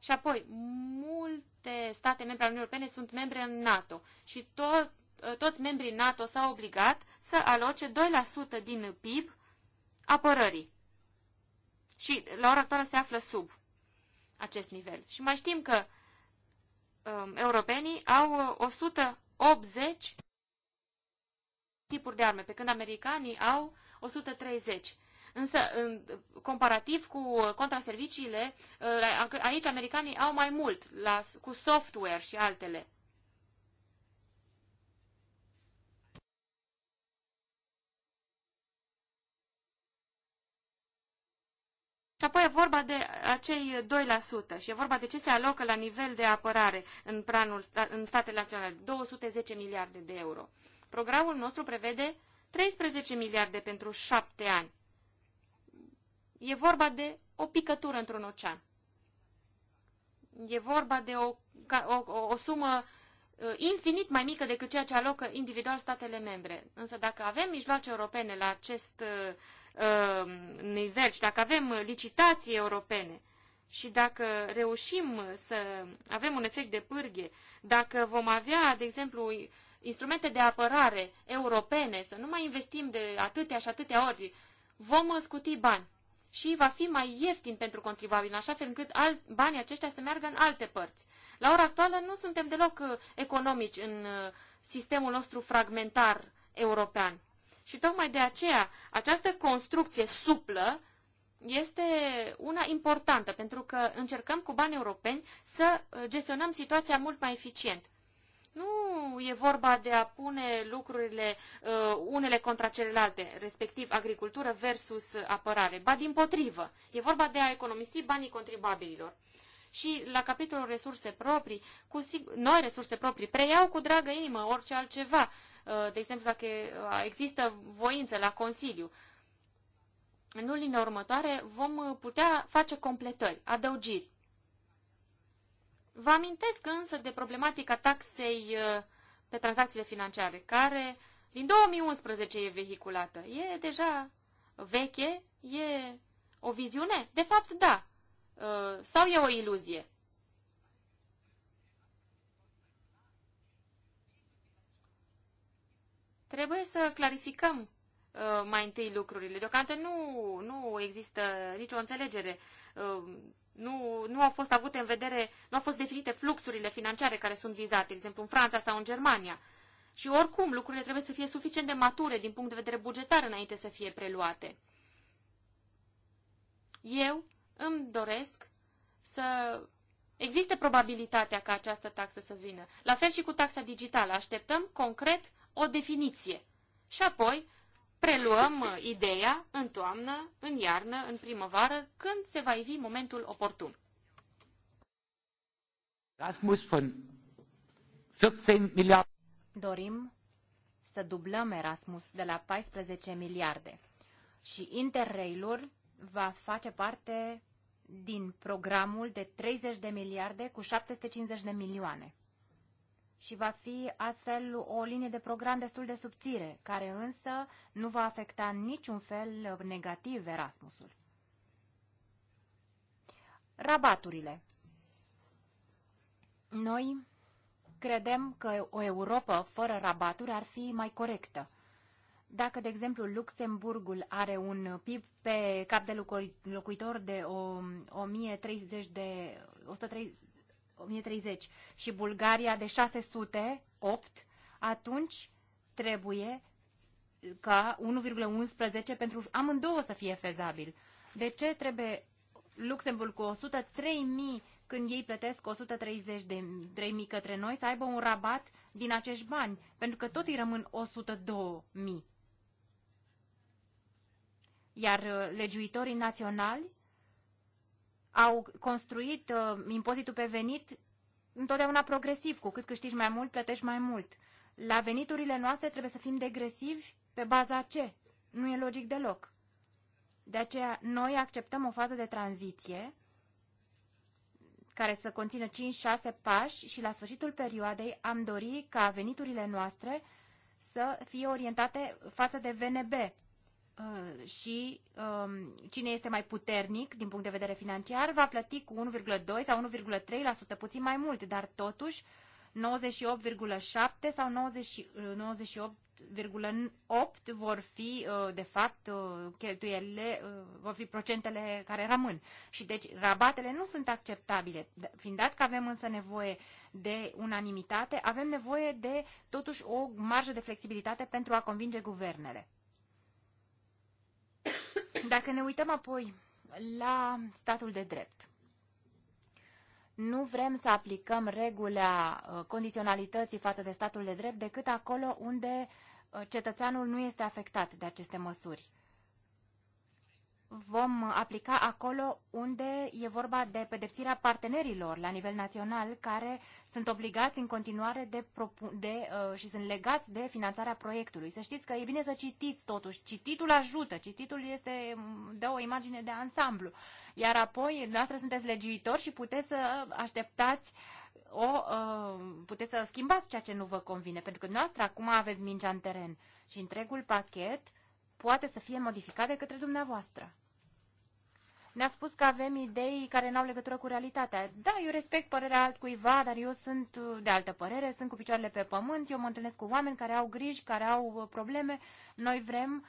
[SPEAKER 1] Și apoi, multe state membre ale Uniunii Europene sunt membre în NATO și tot, toți membrii NATO s-au obligat să aloce 2% din PIB apărării. Și la ora actuală se află sub acest nivel. Și mai știm că um, europenii au 180 uh, tipuri de arme, pe când americanii au 130. Însă, în, comparativ cu uh, contraserviciile, uh, aici americanii au mai mult la, cu software și altele. Și apoi e vorba de acei 2% și e vorba de ce se alocă la nivel de apărare în, planul, în statele naționale, 210 miliarde de euro. Programul nostru prevede 13 miliarde pentru 7 ani. E vorba de o picătură într-un ocean. E vorba de o, o, o, o sumă uh, infinit mai mică decât ceea ce alocă individual statele membre. Însă dacă avem mijloace europene la acest uh, uh, nivel și dacă avem licitații europene și dacă reușim să avem un efect de pârghie, dacă vom avea, de exemplu, instrumente de apărare europene, să nu mai investim de atâtea și atâtea ori, vom scuti bani și va fi mai ieftin pentru contribuabil, așa fel încât alt, banii aceștia să meargă în alte părți. La ora actuală nu suntem deloc uh, economici în uh, sistemul nostru fragmentar european. Și tocmai de aceea această construcție suplă este una importantă, pentru că încercăm cu bani europeni să uh, gestionăm situația mult mai eficient. Nu e vorba de a pune lucrurile uh, unele contra celelalte, respectiv agricultură versus uh, apărare. Ba din potrivă, e vorba de a economisi banii contribuabililor. Și la capitolul resurse proprii, cu sigur, noi resurse proprii, preiau cu dragă inimă orice altceva. Uh, de exemplu, dacă uh, există voință la Consiliu, în lunile următoare vom uh, putea face completări, adăugiri. Vă amintesc însă de problematica taxei uh, pe tranzacțiile financiare, care din 2011 e vehiculată. E deja veche, e o viziune? De fapt, da. Uh, sau e o iluzie? Trebuie să clarificăm uh, mai întâi lucrurile. Deocamdată nu, nu există nicio înțelegere nu, nu au fost avute în vedere, nu au fost definite fluxurile financiare care sunt vizate, de exemplu în Franța sau în Germania. Și oricum, lucrurile trebuie să fie suficient de mature din punct de vedere bugetar înainte să fie preluate. Eu îmi doresc să existe probabilitatea ca această taxă să vină. La fel și cu taxa digitală. Așteptăm concret o definiție. Și apoi preluăm uh, ideea în toamnă, în iarnă, în primăvară, când se va ivi momentul oportun. Erasmus von 14 miliarde.
[SPEAKER 2] Dorim să dublăm Erasmus de la 14 miliarde și Interrail-ul va face parte din programul de 30 de miliarde cu 750 de milioane și va fi astfel o linie de program destul de subțire, care însă nu va afecta niciun fel negativ Erasmusul. Rabaturile Noi credem că o Europa fără rabaturi ar fi mai corectă. Dacă, de exemplu, Luxemburgul are un PIB pe cap de locuitor de 1030 de, 130, 1030 și Bulgaria de 608, atunci trebuie ca 1,11 pentru amândouă să fie fezabil. De ce trebuie Luxemburg cu 103.000 când ei plătesc 130 de 3.000 către noi să aibă un rabat din acești bani, pentru că tot îi rămân 102.000. Iar uh, legiuitorii naționali au construit uh, impozitul pe venit întotdeauna progresiv. Cu cât câștigi mai mult, plătești mai mult. La veniturile noastre trebuie să fim degresivi pe baza ce? Nu e logic deloc. De aceea, noi acceptăm o fază de tranziție care să conțină 5-6 pași și la sfârșitul perioadei am dori ca veniturile noastre să fie orientate față de VNB. Uh, și um, cine este mai puternic din punct de vedere financiar va plăti cu 1,2 sau 1,3% puțin mai mult, dar totuși 98,7 sau 98,8 vor fi uh, de fapt uh, cheltuielile, vor fi procentele care rămân. Și deci rabatele nu sunt acceptabile. Fiind dat că avem însă nevoie de unanimitate, avem nevoie de totuși o marjă de flexibilitate pentru a convinge guvernele. Dacă ne uităm apoi la statul de drept, nu vrem să aplicăm regula uh, condiționalității față de statul de drept decât acolo unde uh, cetățeanul nu este afectat de aceste măsuri vom aplica acolo unde e vorba de pedepsirea partenerilor la nivel național care sunt obligați în continuare de, de uh, și sunt legați de finanțarea proiectului. Să știți că e bine să citiți totuși. Cititul ajută, cititul este mm, de o imagine de ansamblu. Iar apoi, noastră sunteți legiuitori și puteți să așteptați o, uh, puteți să schimbați ceea ce nu vă convine, pentru că noastră acum aveți mingea în teren și întregul pachet poate să fie modificat de către dumneavoastră. Ne-a spus că avem idei care nu au legătură cu realitatea. Da, eu respect părerea altcuiva, dar eu sunt uh, de altă părere, sunt cu picioarele pe pământ, eu mă întâlnesc cu oameni care au griji, care au uh, probleme. Noi vrem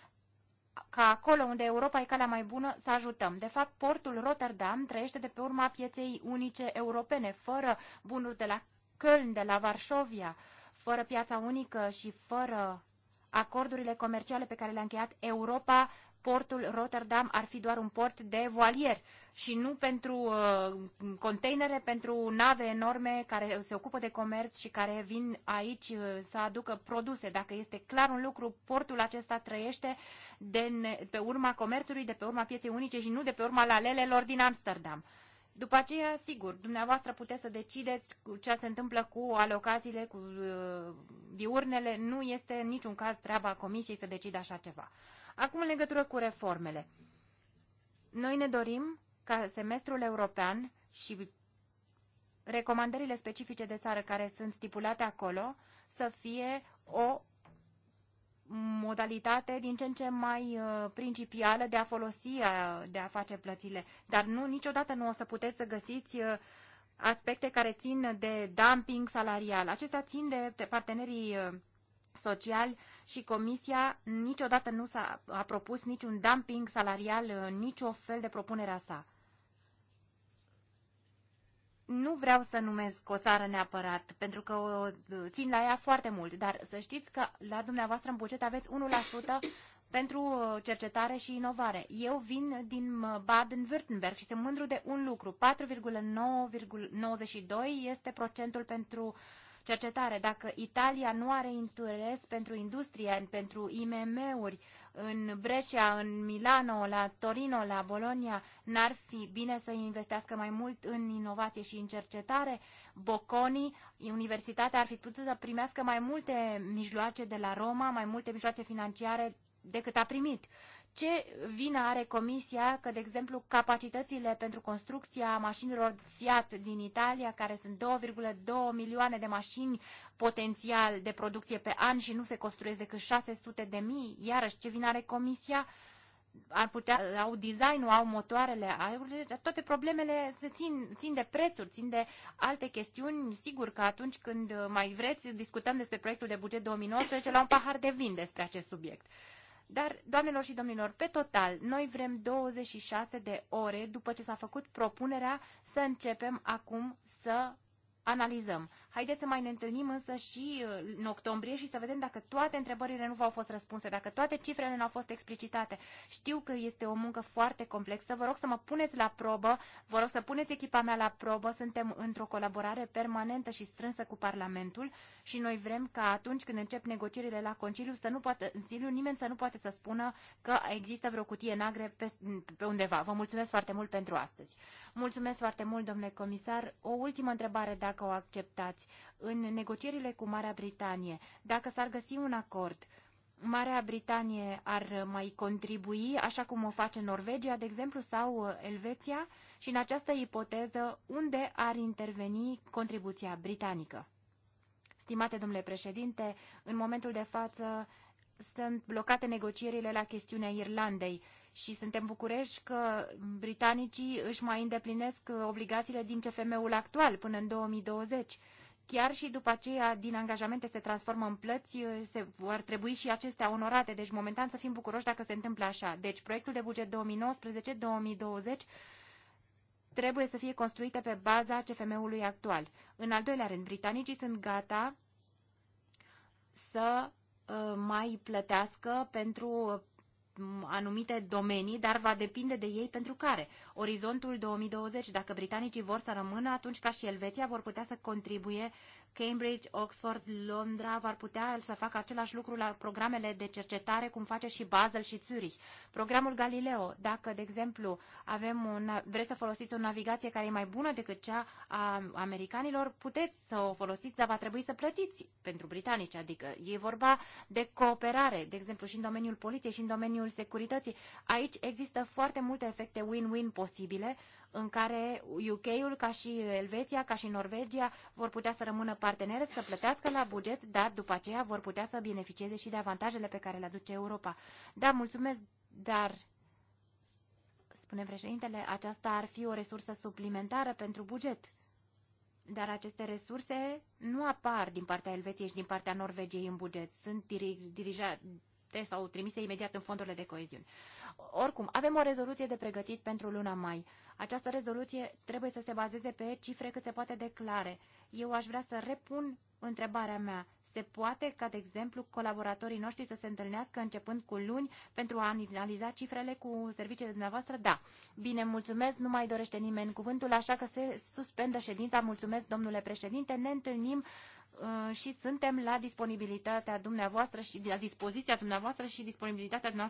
[SPEAKER 2] ca acolo unde Europa e calea mai bună să ajutăm. De fapt, portul Rotterdam trăiește de pe urma pieței unice europene, fără bunuri de la Köln, de la Varșovia, fără piața unică și fără acordurile comerciale pe care le-a încheiat Europa portul Rotterdam ar fi doar un port de voalier și nu pentru uh, containere, pentru nave enorme care se ocupă de comerț și care vin aici uh, să aducă produse. Dacă este clar un lucru, portul acesta trăiește de ne, pe urma comerțului, de pe urma pieței unice și nu de pe urma lalelelor din Amsterdam. După aceea, sigur, dumneavoastră puteți să decideți ce se întâmplă cu alocațiile, cu uh, diurnele. Nu este în niciun caz treaba Comisiei să decide așa ceva. Acum, în legătură cu reformele. Noi ne dorim ca semestrul european și recomandările specifice de țară care sunt stipulate acolo să fie o modalitate din ce în ce mai uh, principială de a folosi, uh, de a face plățile. Dar nu, niciodată nu o să puteți să găsiți uh, aspecte care țin de dumping salarial. Acestea țin de partenerii social și Comisia niciodată nu s-a a propus niciun dumping salarial, uh, nicio fel de propunerea sa. Nu vreau să numesc o țară neapărat, pentru că o uh, țin la ea foarte mult, dar să știți că la dumneavoastră în buget aveți 1% [laughs] pentru uh, cercetare și inovare. Eu vin din Baden-Württemberg și sunt mândru de un lucru. 4,92 este procentul pentru uh, cercetare. Dacă Italia nu are interes pentru industrie, pentru IMM-uri, în Brescia, în Milano, la Torino, la Bologna, n-ar fi bine să investească mai mult în inovație și în cercetare? Bocconi, universitatea ar fi putut să primească mai multe mijloace de la Roma, mai multe mijloace financiare decât a primit ce vină are Comisia că, de exemplu, capacitățile pentru construcția mașinilor Fiat din Italia, care sunt 2,2 milioane de mașini potențial de producție pe an și nu se construiesc decât 600 de mii, iarăși ce vină are Comisia? ar putea, au designul, au motoarele, au, toate problemele se țin, țin de prețuri, țin de alte chestiuni. Sigur că atunci când mai vreți, discutăm despre proiectul de buget 2019 la un pahar de vin despre acest subiect. Dar, doamnelor și domnilor, pe total, noi vrem 26 de ore după ce s-a făcut propunerea să începem acum să analizăm. Haideți să mai ne întâlnim însă și uh, în octombrie și să vedem dacă toate întrebările nu v-au fost răspunse, dacă toate cifrele nu au fost explicitate. Știu că este o muncă foarte complexă. Vă rog să mă puneți la probă, vă rog să puneți echipa mea la probă. Suntem într-o colaborare permanentă și strânsă cu Parlamentul și noi vrem ca atunci când încep negocierile la Conciliu să nu poată, în Siliu, nimeni să nu poate să spună că există vreo cutie nagre pe, pe undeva. Vă mulțumesc foarte mult pentru astăzi. Mulțumesc foarte mult, domnule comisar. O ultimă întrebare, dacă o acceptați. În negocierile cu Marea Britanie, dacă s-ar găsi un acord, Marea Britanie ar mai contribui, așa cum o face Norvegia, de exemplu, sau Elveția? Și în această ipoteză, unde ar interveni contribuția britanică? Stimate domnule președinte, în momentul de față sunt blocate negocierile la chestiunea Irlandei și suntem bucureși că britanicii își mai îndeplinesc uh, obligațiile din CFM-ul actual până în 2020. Chiar și după aceea din angajamente se transformă în plăți, uh, se vor trebui și acestea onorate, deci momentan să fim bucuroși dacă se întâmplă așa. Deci proiectul de buget 2019-2020 trebuie să fie construite pe baza CFM-ului actual. În al doilea rând, britanicii sunt gata să uh, mai plătească pentru anumite domenii, dar va depinde de ei pentru care. Orizontul 2020, dacă britanicii vor să rămână, atunci ca și Elveția vor putea să contribuie Cambridge, Oxford, Londra vor putea să facă același lucru la programele de cercetare, cum face și Basel și Zurich. Programul Galileo, dacă, de exemplu, avem un, vreți să folosiți o navigație care e mai bună decât cea a americanilor, puteți să o folosiți, dar va trebui să plătiți pentru britanici. Adică e vorba de cooperare, de exemplu, și în domeniul poliției și în domeniul securității. Aici există foarte multe efecte win-win posibile, în care UK-ul, ca și Elveția, ca și Norvegia, vor putea să rămână partenere, să plătească la buget, dar după aceea vor putea să beneficieze și de avantajele pe care le aduce Europa. Da, mulțumesc, dar spune președintele, aceasta ar fi o resursă suplimentară pentru buget. Dar aceste resurse nu apar din partea Elveției și din partea Norvegiei în buget. Sunt dirijate sau trimise imediat în fondurile de coeziune. Oricum, avem o rezoluție de pregătit pentru luna mai. Această rezoluție trebuie să se bazeze pe cifre cât se poate declare. Eu aș vrea să repun întrebarea mea. Se poate ca, de exemplu, colaboratorii noștri să se întâlnească începând cu luni pentru a analiza cifrele cu serviciile dumneavoastră? Da. Bine, mulțumesc, nu mai dorește nimeni cuvântul, așa că se suspendă ședința. Mulțumesc, domnule președinte, ne întâlnim uh, și suntem la disponibilitatea dumneavoastră și la dispoziția dumneavoastră și disponibilitatea dumneavoastră